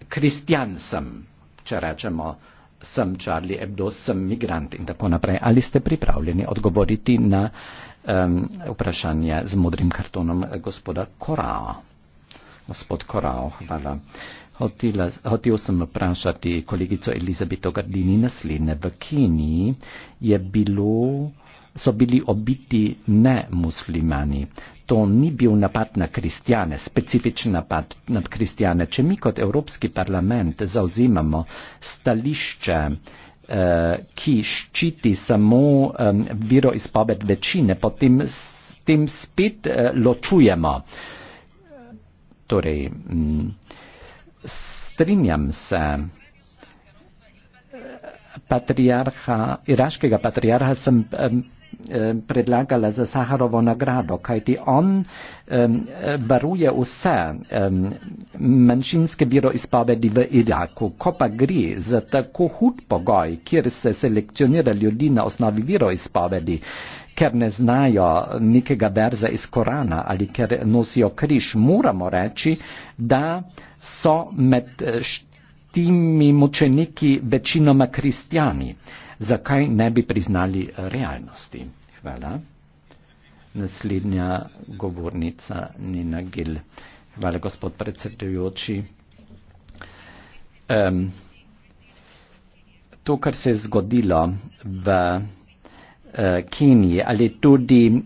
kristjansem, če rečemo, sem Charlie Hebdo, sem migrant in tako naprej. Ali ste pripravljeni odgovoriti na um, vprašanje z modrim kartonom gospoda Korao. Gospod Korao, hvala. Hotila, hotil sem vprašati kolegico Elizabeto Gardini naslednje. V Keniji je bilo so bili obiti ne muslimani. To ni bil napad na kristjane, specifičen napad na kristjane. Če mi kot Evropski parlament zauzimamo stališče, uh, ki ščiti samo um, viro izpoved večine, potem s tem spet uh, ločujemo. Torej, m, mm, strinjam se eh, patriarha, iraškega patriarha sem predlagala za Saharovo nagrado, kajti on varuje vse manjšinske veroizpovedi v Iraku. Ko pa gre za tako hud pogoj, kjer se selekcionira ljudi na osnovi veroizpovedi, ker ne znajo nekega verza iz Korana ali ker nosijo križ, moramo reči, da so med štimi mučeniki večinoma kristjani. Zakaj ne bi priznali realnosti? Hvala. Naslednja govornica Nina Gil. Hvala, gospod predsedujoči. Um, to, kar se je zgodilo v uh, Keniji ali tudi um,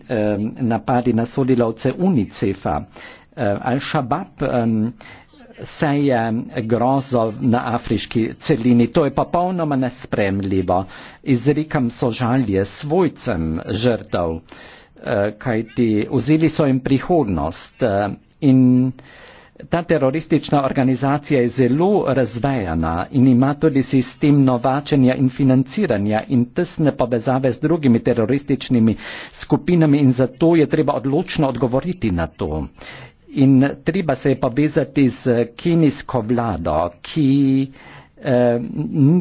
napadi na sodelavce UNICEF-a, uh, Al-Shabaab um, se je grozo na afriški celini. To je popolnoma nespremljivo. Izrikam sožalje svojcem žrtev kajti vzeli so jim prihodnost in ta teroristična organizacija je zelo razvejana in ima tudi sistem novačenja in financiranja in tesne povezave z drugimi terorističnimi skupinami in zato je treba odločno odgovoriti na to. In treba se je povezati z kenijsko vlado, ki eh,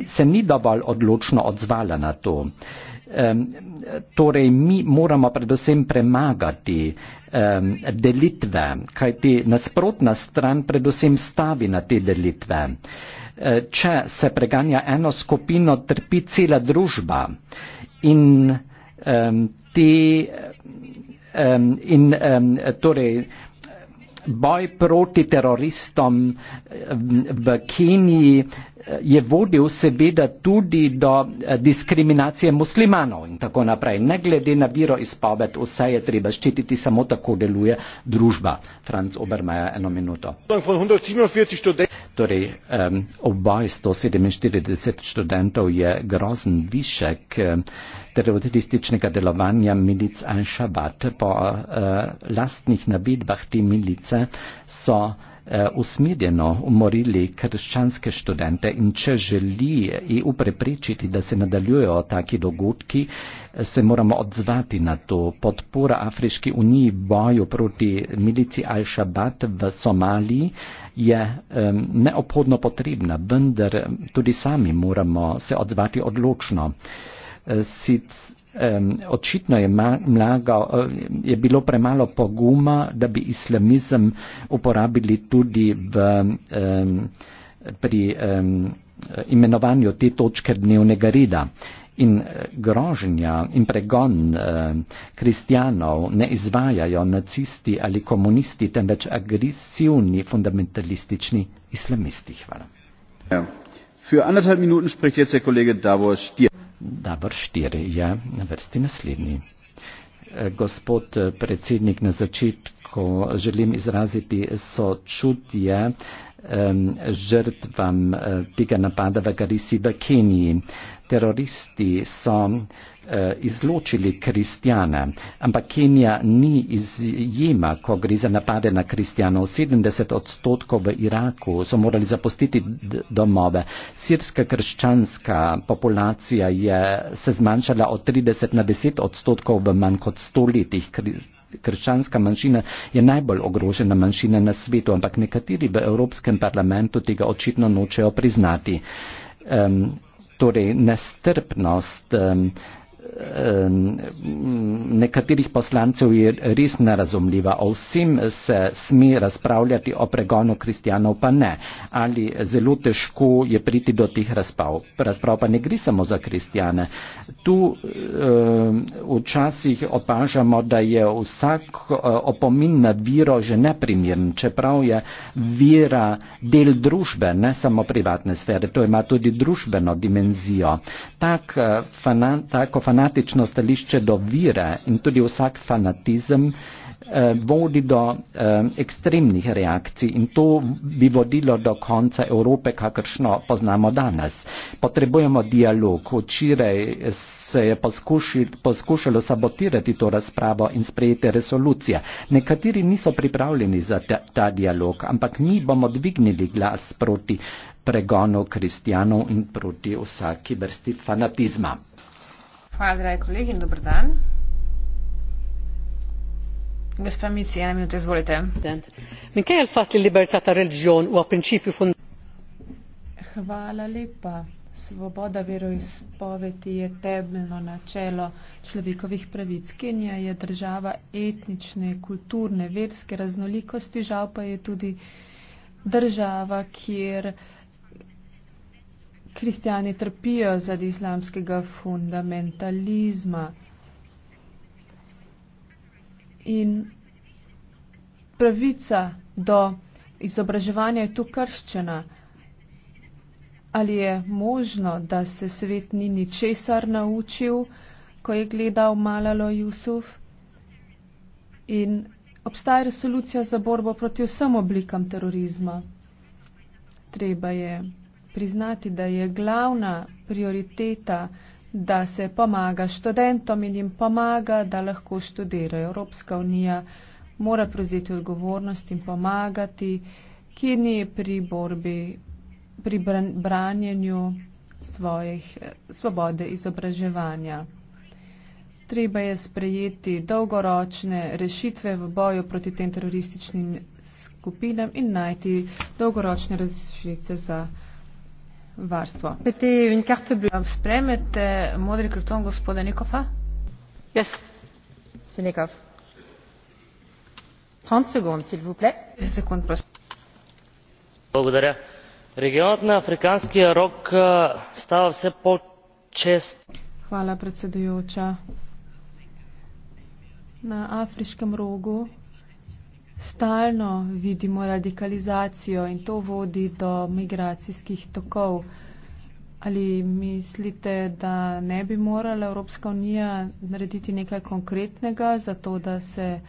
se ni dovolj odločno odzvala na to. Eh, Um, torej, mi moramo predvsem premagati um, delitve, kajti nasprotna stran predvsem stavi na te delitve. E, če se preganja eno skupino, trpi cela družba in, um, te, um, in um, torej, boj proti teroristom v, v Keniji je vodil seveda tudi do eh, diskriminacije muslimanov in tako naprej. Ne glede na viro izpoved, vse je treba ščititi, samo tako deluje družba. Franz Obermeier, eno minuto. Torej, um, oboj 147 študentov je grozen višek um, terorističnega delovanja milic Al-Shabaab. Po uh, lastnih nabitbah te milice so Eh, usmerjeno umorili krščanske študente in če želi EU preprečiti, da se nadaljujejo taki dogodki, eh, se moramo odzvati na to. Podpora Afriški uniji boju proti milici Al-Shabaab v Somaliji je um, neophodno potrebna, vendar tudi sami moramo se odzvati odločno. Eh, sic, um, očitno je, mlago, je bilo premalo poguma, da bi islamizem uporabili tudi v, um, pri um, imenovanju te točke dnevnega reda. In e, groženja in pregon e, kristjanov eh, ne izvajajo nacisti ali komunisti, temveč agresivni fundamentalistični islamisti. Hvala. Ja. Dabr 4 je na vrsti naslednji. Gospod predsednik, na začetku želim izraziti sočutje žrtvam eh, tega napada v Garisi v Keniji teroristi so eh, izločili kristjane, ampak Kenija ni izjema, ko gre za napade na kristjanov. 70 odstotkov v Iraku so morali zapustiti domove. Sirska krščanska populacija je se zmanjšala od 30 na 10 odstotkov v manj kot 100 letih. Krščanska manjšina je najbolj ogrožena manjšina na svetu, ampak nekateri v Evropskem parlamentu tega očitno nočejo priznati. Um, torej nestrpnost nekaterih poslancev je res nerazumljiva. O vsem se sme razpravljati, o pregonu kristijanov pa ne. Ali zelo težko je priti do teh razprav. Razprav pa ne gre samo za kristijane. Tu um, včasih opažamo, da je vsak eh, opomin na viro že neprimern, čeprav je vira del družbe, ne samo privatne sfere. To ima tudi družbeno dimenzijo. Tak, eh, fanat, tako fanatično fanatično stališče do vire in tudi vsak fanatizem eh, vodi do eh, ekstremnih reakcij in to bi vodilo do konca Evrope, kakršno poznamo danes. Potrebujemo dialog. Včeraj se je poskuši, poskušalo sabotirati to razpravo in sprejeti resolucije. Nekateri niso pripravljeni za ta, ta dialog, ampak mi bomo dvignili glas proti pregonu kristjanov in proti vsaki vrsti fanatizma. Hvala, dragi kolegi, in dober dan. Gospa Mici, ena minuta, izvolite. Hvala lepa. Svoboda veroizpovedi je temeljno načelo človekovih pravic. Kenija je država etnične, kulturne, verske raznolikosti, žal pa je tudi država, kjer uh, kristijani trpijo zaradi islamskega fundamentalizma. In pravica do izobraževanja je tu krščena. Ali je možno, da se svet ni ničesar naučil, ko je gledal Malalo Jusuf? In obstaja resolucija za borbo proti vsem oblikam terorizma. Treba je priznati, da je glavna prioriteta, da se pomaga študentom in jim pomaga, da lahko študirajo. Evropska unija mora prevzeti odgovornost in pomagati, ki ni pri borbi, pri branjenju svojih svobode izobraževanja. Treba je sprejeti dolgoročne rešitve v boju proti tem terorističnim skupinam in najti dolgoročne rešitve za varstvo. Te in karte bi vam um, spremete modri krton gospoda Nikofa? Yes. Sinikov. 30 sekund, s'il vous plaît. 30 sekund, prosim. Благодаря. Регионът на Африканския рок става все по-чест. Hvala predsedujoča. Na afriškem rogu Stalno vidimo radikalizacijo in to vodi do migracijskih tokov. Ali mislite, da ne bi morala Evropska unija narediti nekaj konkretnega za to, da se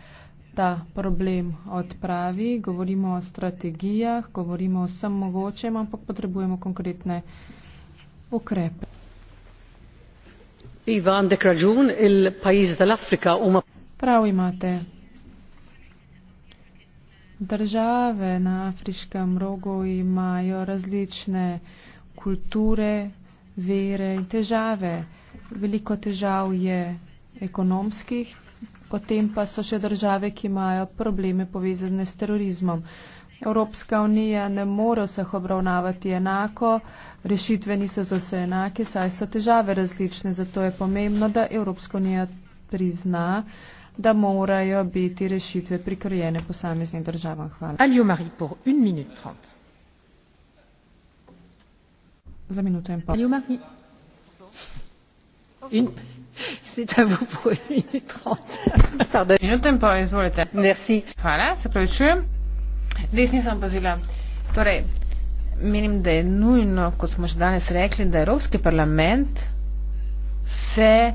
ta problem odpravi? Govorimo o strategijah, govorimo o vsem mogočem, ampak potrebujemo konkretne ukrepe. Prav imate. Države na afriškem rogu imajo različne kulture, vere in težave. Veliko težav je ekonomskih, potem pa so še države, ki imajo probleme povezane s terorizmom. Evropska unija ne more vseh obravnavati enako, rešitve niso za vse enake, saj so težave različne, zato je pomembno, da Evropska unija prizna, da morajo biti rešitve prikrojene posameznim državam. Hvala. Aljo Marie, por 1 minut 30. Za minuto in pol. Aljo Marie. In. C'est à vous pour une minute trente. Pardon. Une autre impôt, je vous le Merci. Voilà, ça peut être chouette. Desni sem pazila. Torej, menim, da je nujno, kot smo že danes rekli, da Evropski parlament se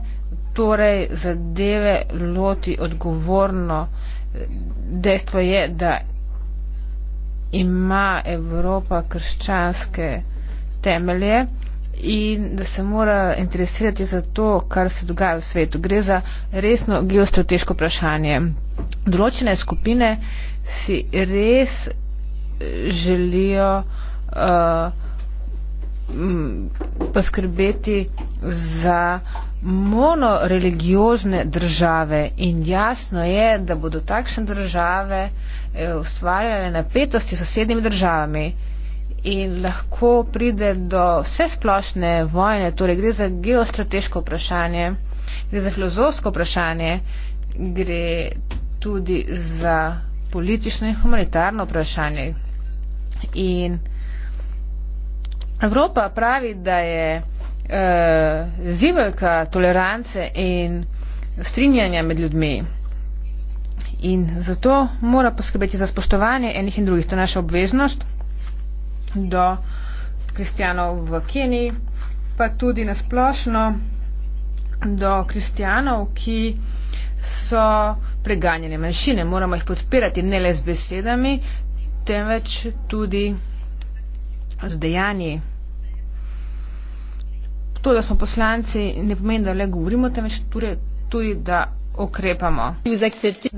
torej zadeve loti odgovorno. Dejstvo je, da ima Evropa krščanske temelje in da se mora interesirati za to, kar se dogaja v svetu. Gre za resno geostrateško vprašanje. Določene skupine si res eh, želijo uh, poskrbeti za uh, monoreligiozne države in jasno je, da bodo takšne države eh, ustvarjale napetosti s sosednjimi državami in lahko pride do vse splošne vojne, torej gre za geostrateško vprašanje, gre za filozofsko vprašanje, gre tudi za politično in humanitarno vprašanje. In Evropa pravi, da je uh, eh, zivelka tolerance in strinjanja med ljudmi. In zato mora poskrbeti za spoštovanje enih in drugih. To je naša obveznost do kristijanov v Keniji, pa tudi nasplošno do kristijanov, ki so preganjene manjšine. Moramo jih podpirati ne le z besedami, temveč tudi z dejanji to, da smo poslanci, ne pomeni, da le govorimo, temveč tudi, tudi da okrepamo.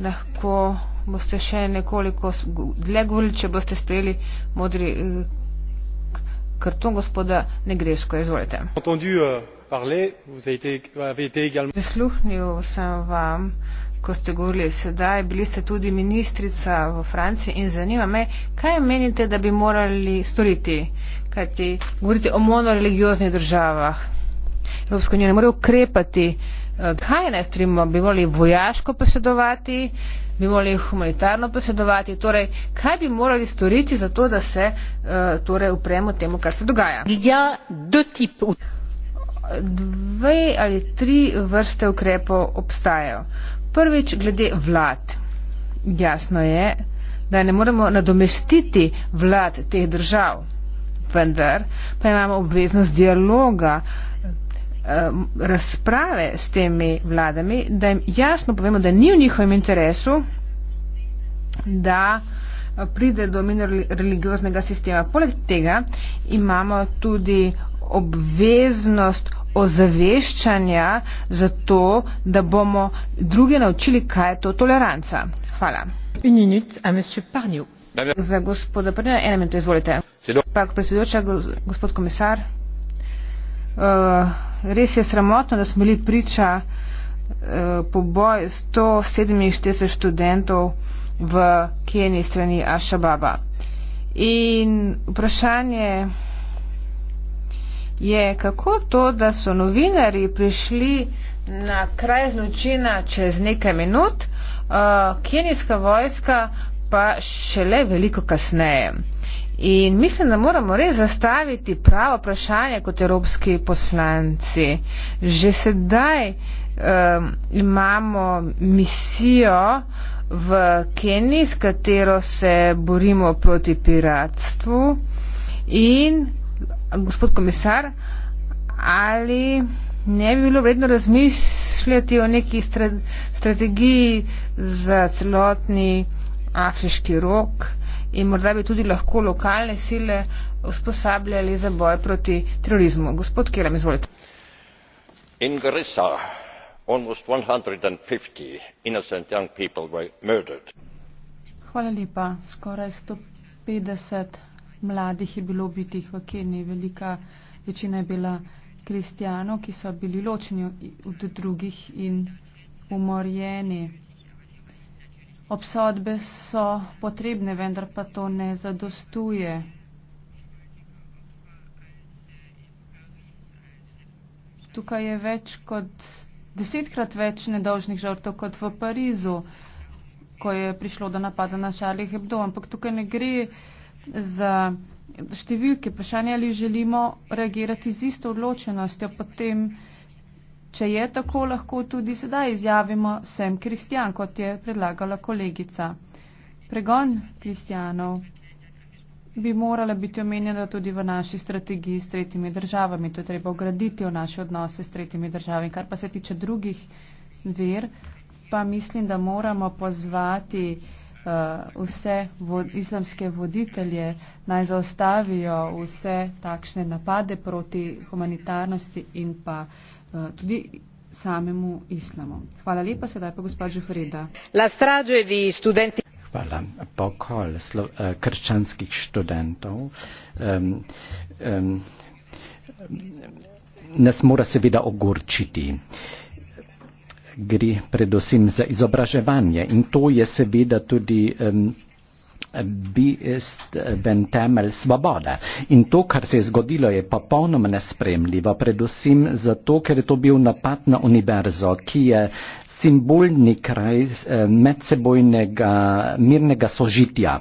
Lahko boste še nekoliko dlje govorili, če boste sprejeli modri eh, karton gospoda Negresko. Izvolite. Euh, Zasluhnil sem vam, ko ste govorili sedaj, bili ste tudi ministrica v Franciji in zanima me, kaj menite, da bi morali storiti kajti govorite o monoreligioznih državah. Evropska unija ne more ukrepati. Eh, kaj naj storimo? Bi morali vojaško posedovati, bi morali humanitarno posedovati. Torej, kaj bi morali storiti za to, da se eh, torej, upremo temu, kar se dogaja? Dve ali tri vrste ukrepov obstajajo. Prvič, glede vlad. Jasno je, da ne moremo nadomestiti vlad teh držav vendar pa imamo obveznost dialoga, eh, razprave s temi vladami, da jim jasno povemo, da ni v njihovem interesu, da eh, pride do minoreligioznega sistema. Poleg tega imamo tudi obveznost ozaveščanja za to, da bomo druge naučili, kaj je to toleranca. Hvala. Minut, a monsieur Parnjuk. Eh, res je sramotno, da smo bili priča eh, poboj 147 študentov v Keniji strani Ašababa. In vprašanje je, kako to, da so novinari prišli na kraj zločina čez nekaj minut, uh, kenijska vojska pa šele veliko kasneje. In mislim, da moramo res zastaviti pravo vprašanje kot evropski poslanci. Že sedaj um, imamo misijo v Keniji, s katero se borimo proti piratstvu. In, gospod komisar, ali ne bi bilo vredno razmišljati o neki strategiji za celotni afriški rok in morda bi tudi lahko lokalne sile usposabljali za boj proti terorizmu. Gospod Kerem, izvolite. In Garissa, almost 150 innocent young people were murdered. Hvala lepa. Skoraj 150 mladih je bilo ubitih v Keniji. Velika večina je bila kristijanov, ki so bili ločeni od drugih in umorjeni. Obsodbe so potrebne, vendar pa to ne zadostuje. Tukaj je več kot desetkrat več nedolžnih žrtev kot v Parizu, ko je prišlo do napada na Šarli Hebdo. Ampak tukaj ne gre za številke. Vprašanje, ali želimo reagirati z isto odločenostjo potem. Če je tako, lahko tudi sedaj izjavimo, sem kristjan, kot je predlagala kolegica. Pregon kristjanov bi morala biti omenjena tudi v naši strategiji s tretjimi državami. To je treba ograditi v naše odnose s tretjimi državami. Kar pa se tiče drugih ver, pa mislim, da moramo pozvati uh, vse vo islamske voditelje naj zaostavijo vse takšne napade proti humanitarnosti in pa. Uh, Eh, tudi samemu islamu. Hvala lepa, sedaj pa gospod Žufreda. Hvala. Pokol slo, eh, krščanskih študentov um, um, nas mora seveda ogorčiti. Gre predvsem za izobraževanje in to je seveda tudi um, bi ben temelj svobode. In to, kar se je zgodilo, je popolnoma nespremljivo, predvsem zato, ker je to bil napad na univerzo, ki je simbolni kraj eh, medsebojnega mirnega sožitja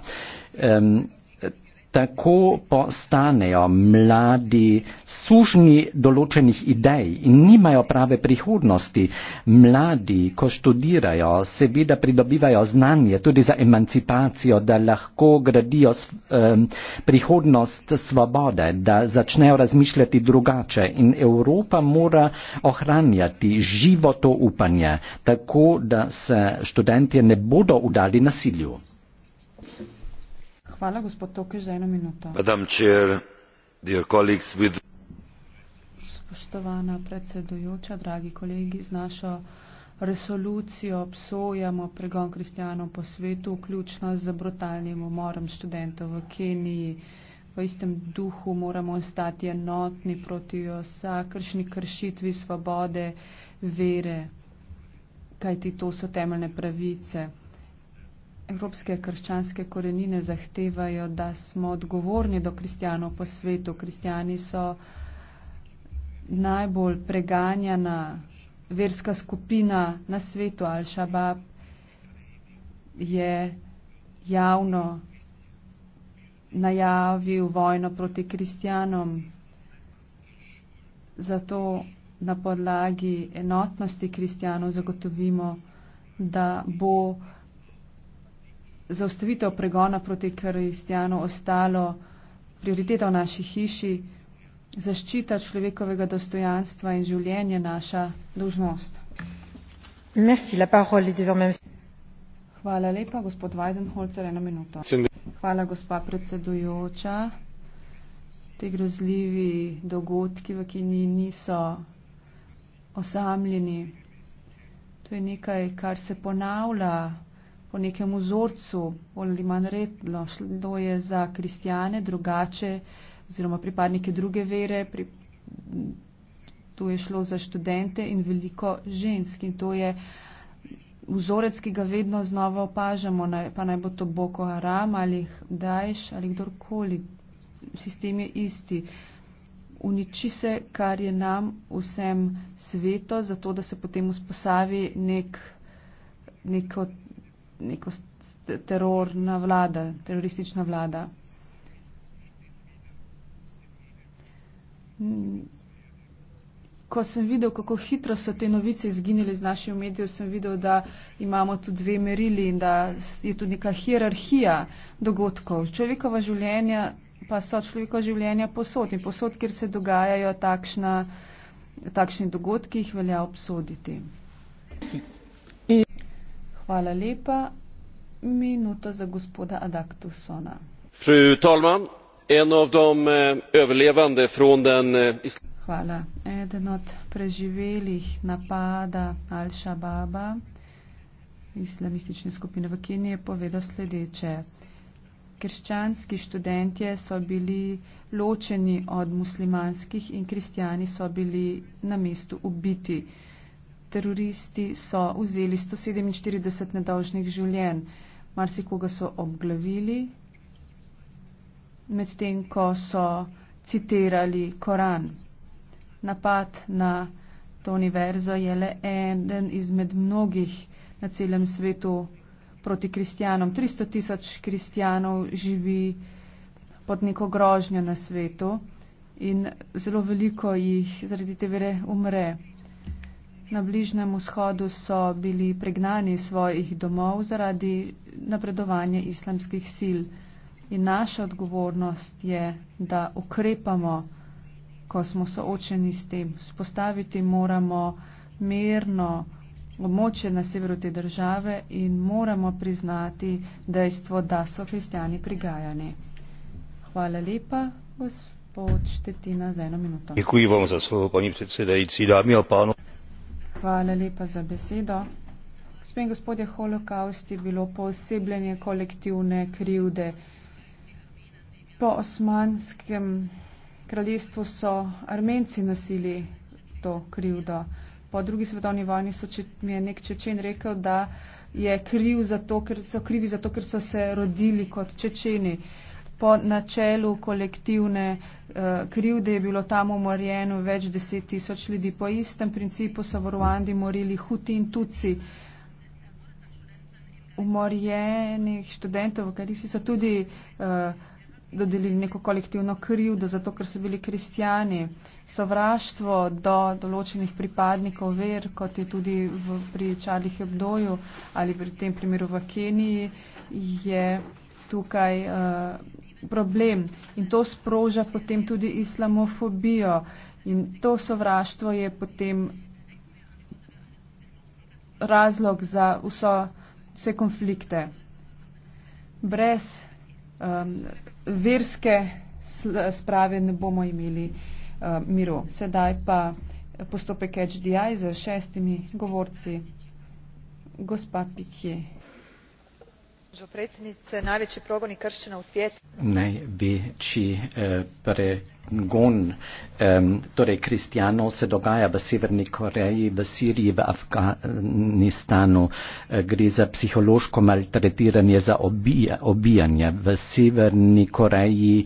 tako postanejo mladi sužni določenih idej in nimajo prave prihodnosti. Mladi, ko študirajo, seveda pridobivajo znanje tudi za emancipacijo, da lahko gradijo eh, prihodnost svobode, da začnejo razmišljati drugače in Evropa mora ohranjati živo to upanje, tako da se študentje ne bodo udali nasilju. Hvala, gospod Tokiš, za eno minuto. Madam Chair, dear colleagues, with... Spoštovana predsedujoča, dragi kolegi, z našo resolucijo obsojamo pregon kristjanov po svetu, vključno z brutalnim umorom študentov v Keniji. V istem duhu moramo ostati enotni proti vsakršni kršitvi svobode, vere, kajti to so temeljne pravice. Evropske krščanske korenine zahtevajo, da smo odgovorni do kristijanov po svetu. Kristijani so najbolj preganjana verska skupina na svetu. Al-Shabaab je javno najavil vojno proti kristijanom. Zato na podlagi enotnosti kristijanov zagotovimo, da bo zaustavitev pregona proti kristijanu ostalo prioriteta v naši hiši, zaščita človekovega dostojanstva in življenje naša dožnost. Merci, la parole est désormais... Hvala lepa, gospod Weidenholzer, eno minuto. Hvala, gospa predsedujoča. Te grozljivi dogodki v Keniji niso osamljeni. To je nekaj, kar se ponavlja po nekem vzorcu, ali manj redno, šlo je za kristijane, drugače, oziroma pripadnike druge vere, pri, tu je šlo za študente in veliko žensk. In to je vzorec, ki ga vedno znova opažamo, naj, pa naj bo to Boko Haram ali Daesh ali kdorkoli. Sistem je isti. Uniči se, kar je nam vsem sveto, zato da se potem usposavi nek, neko, neko terorna vlada, teroristična vlada. Ko sem videl, kako hitro so te novice izginile z našim medijem, sem videl, da imamo tu dve merili in da je tu neka hierarhija dogodkov. Človekova življenja pa so človekova življenja posod in posod, kjer se dogajajo takšna, takšni dogodki, jih velja obsoditi. Hvala lepa. Minuta za gospoda Adaktusona. Fru talman, en av de eh, överlevande från den eh, Hvala. Eden od preživelih napada Al-Shababa islamistične skupine v Keniji je povedal sledeče. Krščanski študentje so bili ločeni od muslimanskih in kristijani so bili na mestu ubiti teroristi so vzeli 147 nedolžnih življenj. Marsikoga so obglavili, medtem ko so citirali Koran. Napad na to univerzo je le eden izmed mnogih na celem svetu proti kristjanom. 300 tisoč kristjanov živi pod neko grožnjo na svetu in zelo veliko jih zaradi te vere umre. Na Bližnem vzhodu so bili pregnani svojih domov zaradi napredovanja islamskih sil. In naša odgovornost je, da ukrepamo, ko smo soočeni s tem. Spostaviti moramo merno območje na severu te države in moramo priznati dejstvo, da so kristjani prigajani. Hvala lepa, gospod Štetina, za eno minuto. Dziękuję vam za slovo, pani predsedajci, dámy a pánové. Hvala lepa za besedo. Gospod in gospodje, holokaust je bilo poosebljanje kolektivne krivde. Po osmanskem kraljestvu so armenci nosili to krivdo. Po drugi svetovni vojni so, če, mi je nek Čečen rekel, da je kriv zato, ker so krivi zato, ker so se rodili kot Čečeni. Uh, po načelu kolektivne eh, krivde je bilo tam umorjeno več deset tisoč ljudi. Po istem principu so v Ruandi morili huti in tuci. Umorjenih študentov, kateri si so tudi eh, dodelili neko kolektivno krivdo, zato ker so bili kristijani. Sovraštvo do določenih pripadnikov ver, kot je tudi v, pri Čarlih Hebdoju ali pri tem primeru v Keniji, je tukaj eh, problem in to sproža potem tudi islamofobijo in to sovraštvo je potem razlog za vso, vse konflikte. Brez um, verske sprave ne bomo imeli um, miru. Sedaj pa postopek HDI za šestimi govorci. Gospa Pitje gospođo predsjednice najveći progoni kršćana u svijetu najveći e, eh, pre gon torej kristijano se dogaja v Severni Koreji, v Siriji, v Afganistanu. Eh, gre za psihološko maltretiranje, za obijanje. V Severni Koreji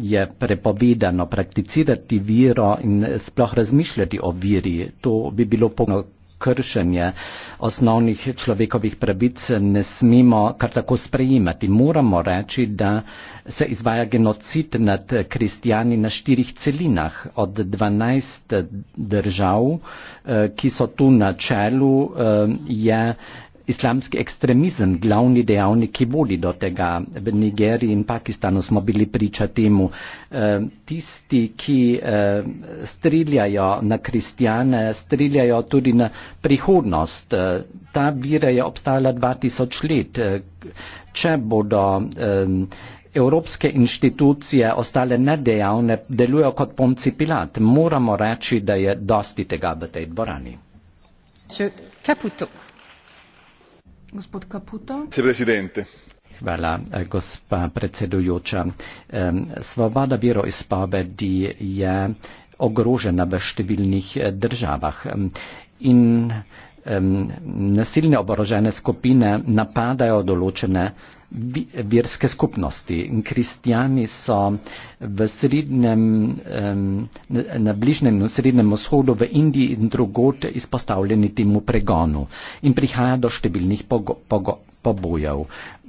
je prepovedano prakticirati viro in sploh razmišljati o viri. To bi bilo pogojno kršenje osnovnih človekovih pravic ne smemo kar tako sprejemati. Moramo reči, da se izvaja genocid nad kristijani na štirih celinah od 12 eh, držav, eh, ki so tu na čelu, eh, je islamski ekstremizem, glavni dejavnik, ki vodi do tega. V Nigeriji in Pakistanu smo bili priča temu. E, tisti, ki e, striljajo na kristjane, striljajo tudi na prihodnost. E, ta vira je obstajala 2000 let. E, če bodo. E, Evropske inštitucije ostale nedejavne delujejo kot ponci pilat. Moramo reči, da je dosti tega v tej dvorani. Caputo. Hvala, eh, gospa predsedujoča. Svoboda biro izpovedi je ogrožena v številnih eh, državah in nasilne oborožene skupine napadajo določene verske skupnosti. Kristijani so v srednjem, na bližnjem srednjem vzhodu v Indiji in drugot izpostavljeni temu pregonu in prihaja do številnih pobojev.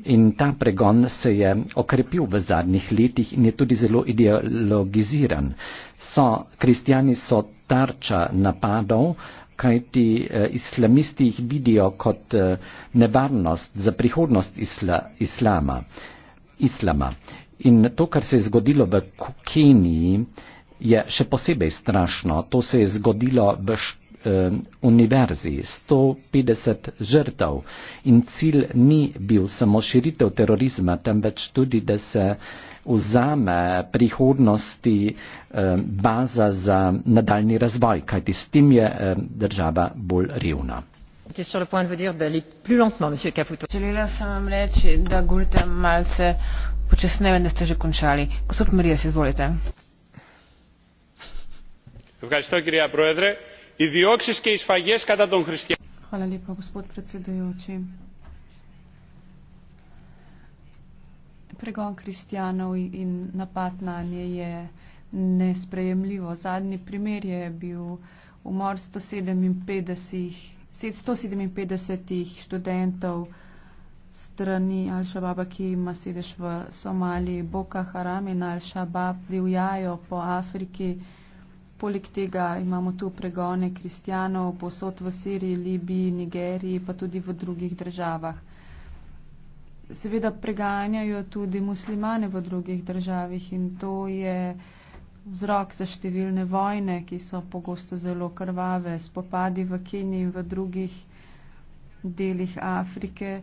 In ta pregon se je okrepil v zadnjih letih in je tudi zelo ideologiziran. So, kristijani so tarča napadov, kajti uh, islamisti jih vidijo kot uh, nevarnost za prihodnost isla, islama, islama. In to, kar se je zgodilo v Keniji, je še posebej strašno. To se je zgodilo v eh, univerzi, 150 žrtev in cilj ni bil samo širitev terorizma, temveč tudi, da se vzame prihodnosti eh, baza za nadaljni razvoj, kajti s tem je eh, država bolj revna. Želela sem vam reči, da govorite malce počasneje, da ste že končali. Gospod Marija, izvolite. Gospod predsednik, η διώξεις και οι σφαγές κατά των χριστιανών. Umor 157 študentov strani Al-Shabaaba, ki ima sedež v Somaliji, Boko Haram in Al-Shabaab divjajo po Afriki. Poleg tega imamo tu pregone kristjanov posod v Siriji, Libiji, Nigeriji, pa tudi v drugih državah. Seveda preganjajo tudi muslimane v drugih državah in to je vzrok za številne vojne, ki so pogosto zelo krvave, spopadi v Keniji in v drugih delih Afrike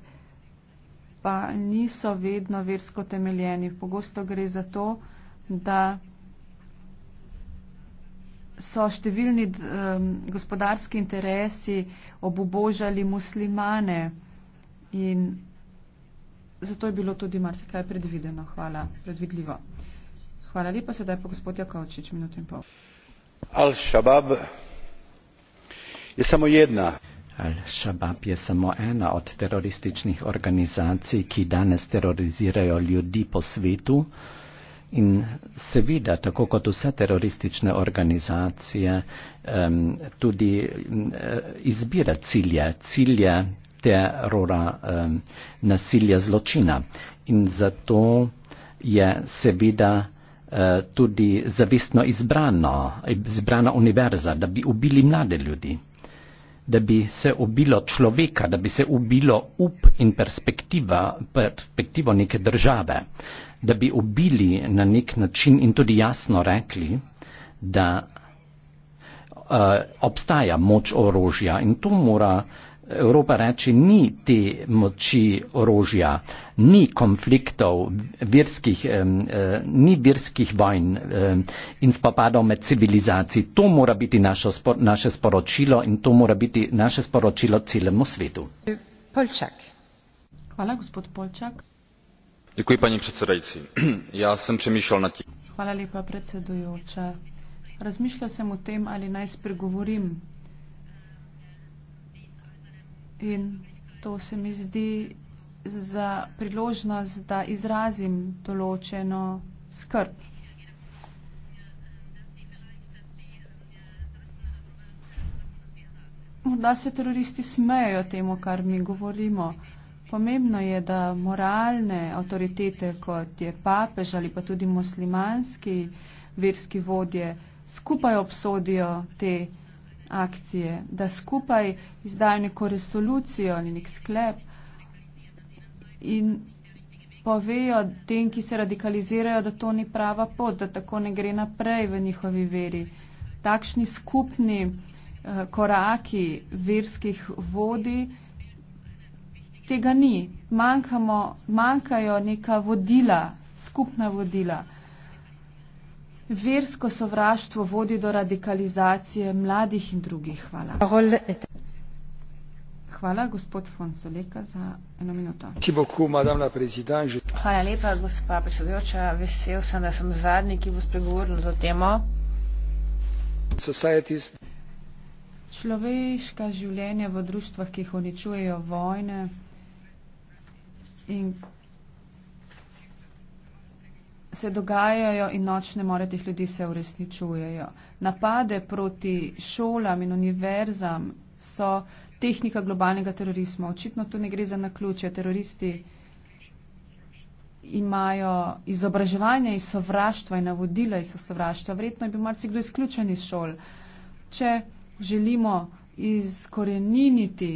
pa niso vedno versko temeljeni. Pogosto gre za to, da so številni um, gospodarski interesi obubožali muslimane in zato je bilo tudi marsikaj predvideno. Hvala, predvidljivo. Hvala lepa, sedaj pa gospod Jakovčič, minuto in pol. Al-Shabaab je samo jedna. Al-Shabaab je samo ena od terorističnih organizacij, ki danes terorizirajo ljudi po svetu. In seveda, tako kot vse teroristične organizacije, tudi izbira cilje, cilje terora, nasilja, zločina. In zato je seveda eh, tudi zavestno izbrano, izbrana univerza, da bi ubili mlade ljudi, da bi se ubilo človeka, da bi se ubilo up in perspektiva, perspektivo neke države da bi ubili na nek način in tudi jasno rekli, da uh, obstaja moč orožja in to mora Evropa reči, ni te moči orožja, ni konfliktov, virskih, eh, eh ni virskih vojn eh, in spopadov med civilizacij. To mora biti našo, spo, naše sporočilo in to mora biti naše sporočilo celemu svetu. Polčak. Hvala, gospod Polčak paní předsedající já jsem přemýšlel nad tím Razmišljal sem o tem, ali naj spregovorim. In to se mi zdi za priložnost, da izrazim določeno skrb. Morda se teroristi smejo temu, kar mi govorimo. Pomembno je, da moralne avtoritete, kot je papež ali pa tudi muslimanski verski vodje, skupaj obsodijo te akcije, da skupaj izdajo neko resolucijo ali nek sklep in povejo tem, ki se radikalizirajo, da to ni prava pot, da tako ne gre naprej v njihovi veri. Takšni skupni uh, koraki verskih vodij tega ni. Manjkamo, manjkajo neka vodila, skupna vodila. Versko sovraštvo vodi do radikalizacije mladih in drugih. Hvala. Hvala, gospod Fonsoleka, za eno minuto. Hvala lepa, gospa predsedujoča. Vesel sem, da sem zadnji, ki bo spregovoril to temo. Societies. Človeška življenja v družstvah, ki jih uničujejo vojne in se dogajajo in nočne more teh ljudi se uresničujejo. Napade proti šolam in univerzam so tehnika globalnega terorizma. Očitno tu ne gre za naključje. Teroristi imajo izobraževanje iz sovraštva in navodila iz sovraštva. Verjetno je bil marsikdo izključen iz šol. Če želimo izkoreniniti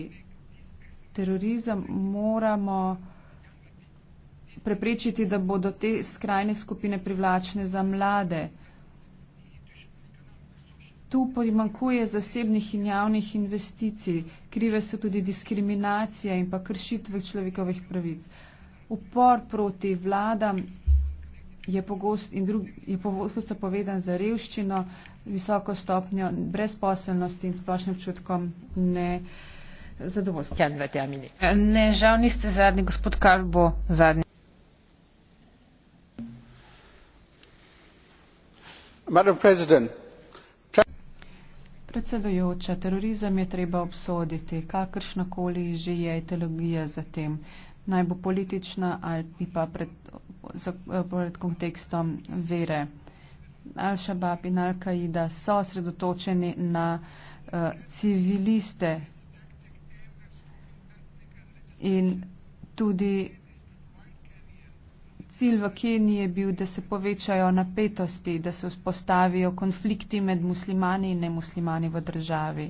terorizem, moramo preprečiti, da bodo te skrajne skupine privlačne za mlade. Tu podmankuje zasebnih in javnih investicij, krive so tudi diskriminacija in pa kršitve človekovih pravic. Upor proti vladam je pogost in drug, je pogosto povedan za revščino, visoko stopnjo brezposelnosti in splošnim čutkom ne. Zadovoljstvo. Ne, žal niste zadnji, gospod Karl bo zadnji. predsedujoča terorizem je treba obsoditi kakršnakoli že je ideologija za tem naj bo politična ali pa pred, za, pred kontekstom vere. Al-Shabaab in Al-Qaida so osredotočeni na uh, civiliste in tudi Cilj v Keniji je bil, da se povečajo napetosti, da se vzpostavijo konflikti med muslimani in nemuslimani v državi.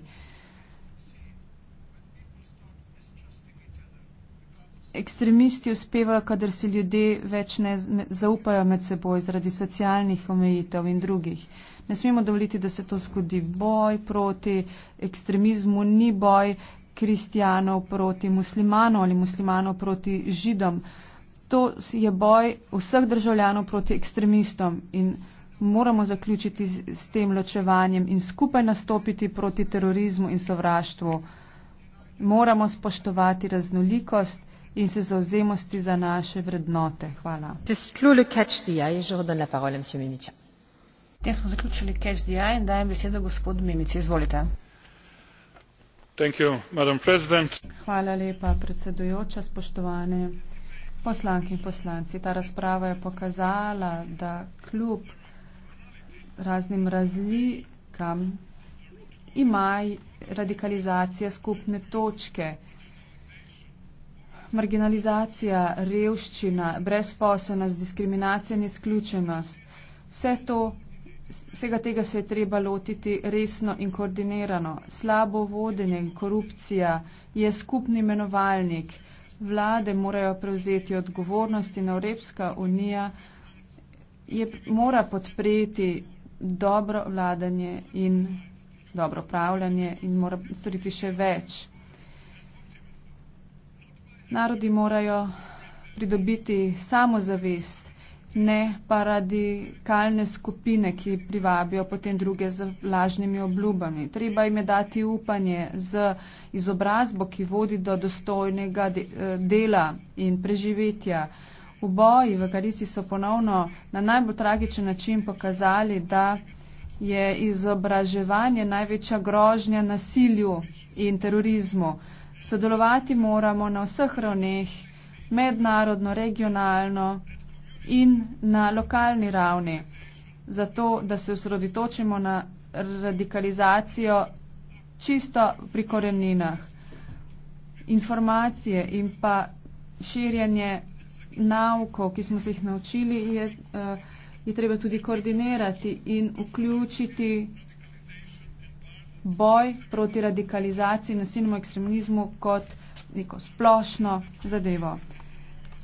Ekstremisti uspevajo, kadar se ljudje več ne zaupajo med seboj zaradi socialnih omejitev in drugih. Ne smemo dovoliti, da se to zgodi. Boj proti ekstremizmu ni boj kristijanov proti muslimanov ali muslimanov proti židom. Uh, to je boj vseh državljanov proti ekstremistom in moramo zaključiti s, s tem ločevanjem in skupaj nastopiti proti terorizmu in sovraštvu. Moramo spoštovati raznolikost in se zauzemosti za naše vrednote. Hvala. S tem smo zaključili KSDI in dajem besedo gospodu Mimici. Izvolite. Hvala lepa, predsedujoča, spoštovane poslanki in poslanci. Ta razprava je pokazala, da kljub raznim razlikam imajo radikalizacija skupne točke. Marginalizacija, revščina, brezposobnost, diskriminacija in izključenost. Vse to, vsega tega se je treba lotiti resno in koordinirano. Slabo vodenje in korupcija je skupni imenovalnik vlade morajo prevzeti odgovornost in Evropska unija je, mora podpreti dobro vladanje in dobro upravljanje in mora storiti še več. Narodi morajo pridobiti samozavest ne pa radikalne skupine, ki privabijo potem druge z lažnimi obljubami. Treba jim je dati upanje z izobrazbo, ki vodi do dostojnega eh, dela in preživetja. V boji v Karisi so ponovno na najbolj tragičen način pokazali, da je izobraževanje največja grožnja nasilju in terorizmu. Sodelovati moramo na vseh ravneh, mednarodno, regionalno, in na lokalni ravni, zato da se usredotočimo na radikalizacijo čisto pri koreninah. Informacije in pa širjanje naukov, ki smo se jih naučili, je, eh, je treba tudi koordinirati in vključiti boj proti radikalizaciji, nasilnemu ekstremizmu kot neko splošno zadevo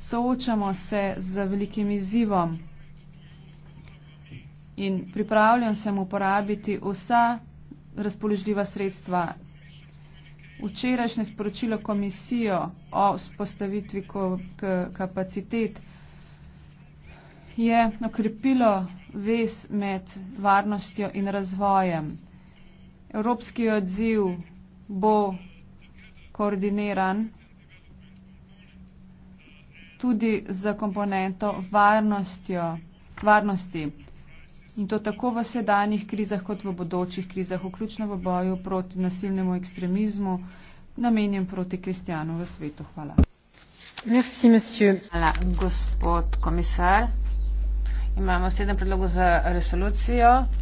soočamo se z velikim izzivom in pripravljam sem uporabiti vsa razpoložljiva sredstva. Včerajšnje sporočilo komisijo o spostavitvi kapacitet je okrepilo vez med varnostjo in razvojem. Evropski odziv bo koordiniran tudi z komponento varnostjo, varnosti. In to tako v sedanjih krizah kot v bodočih krizah, vključno v boju proti nasilnemu ekstremizmu, namenjen proti kristijanu v svetu. Hvala. Merci, Hvala, gospod komisar. Imamo sedem predlogov za resolucijo.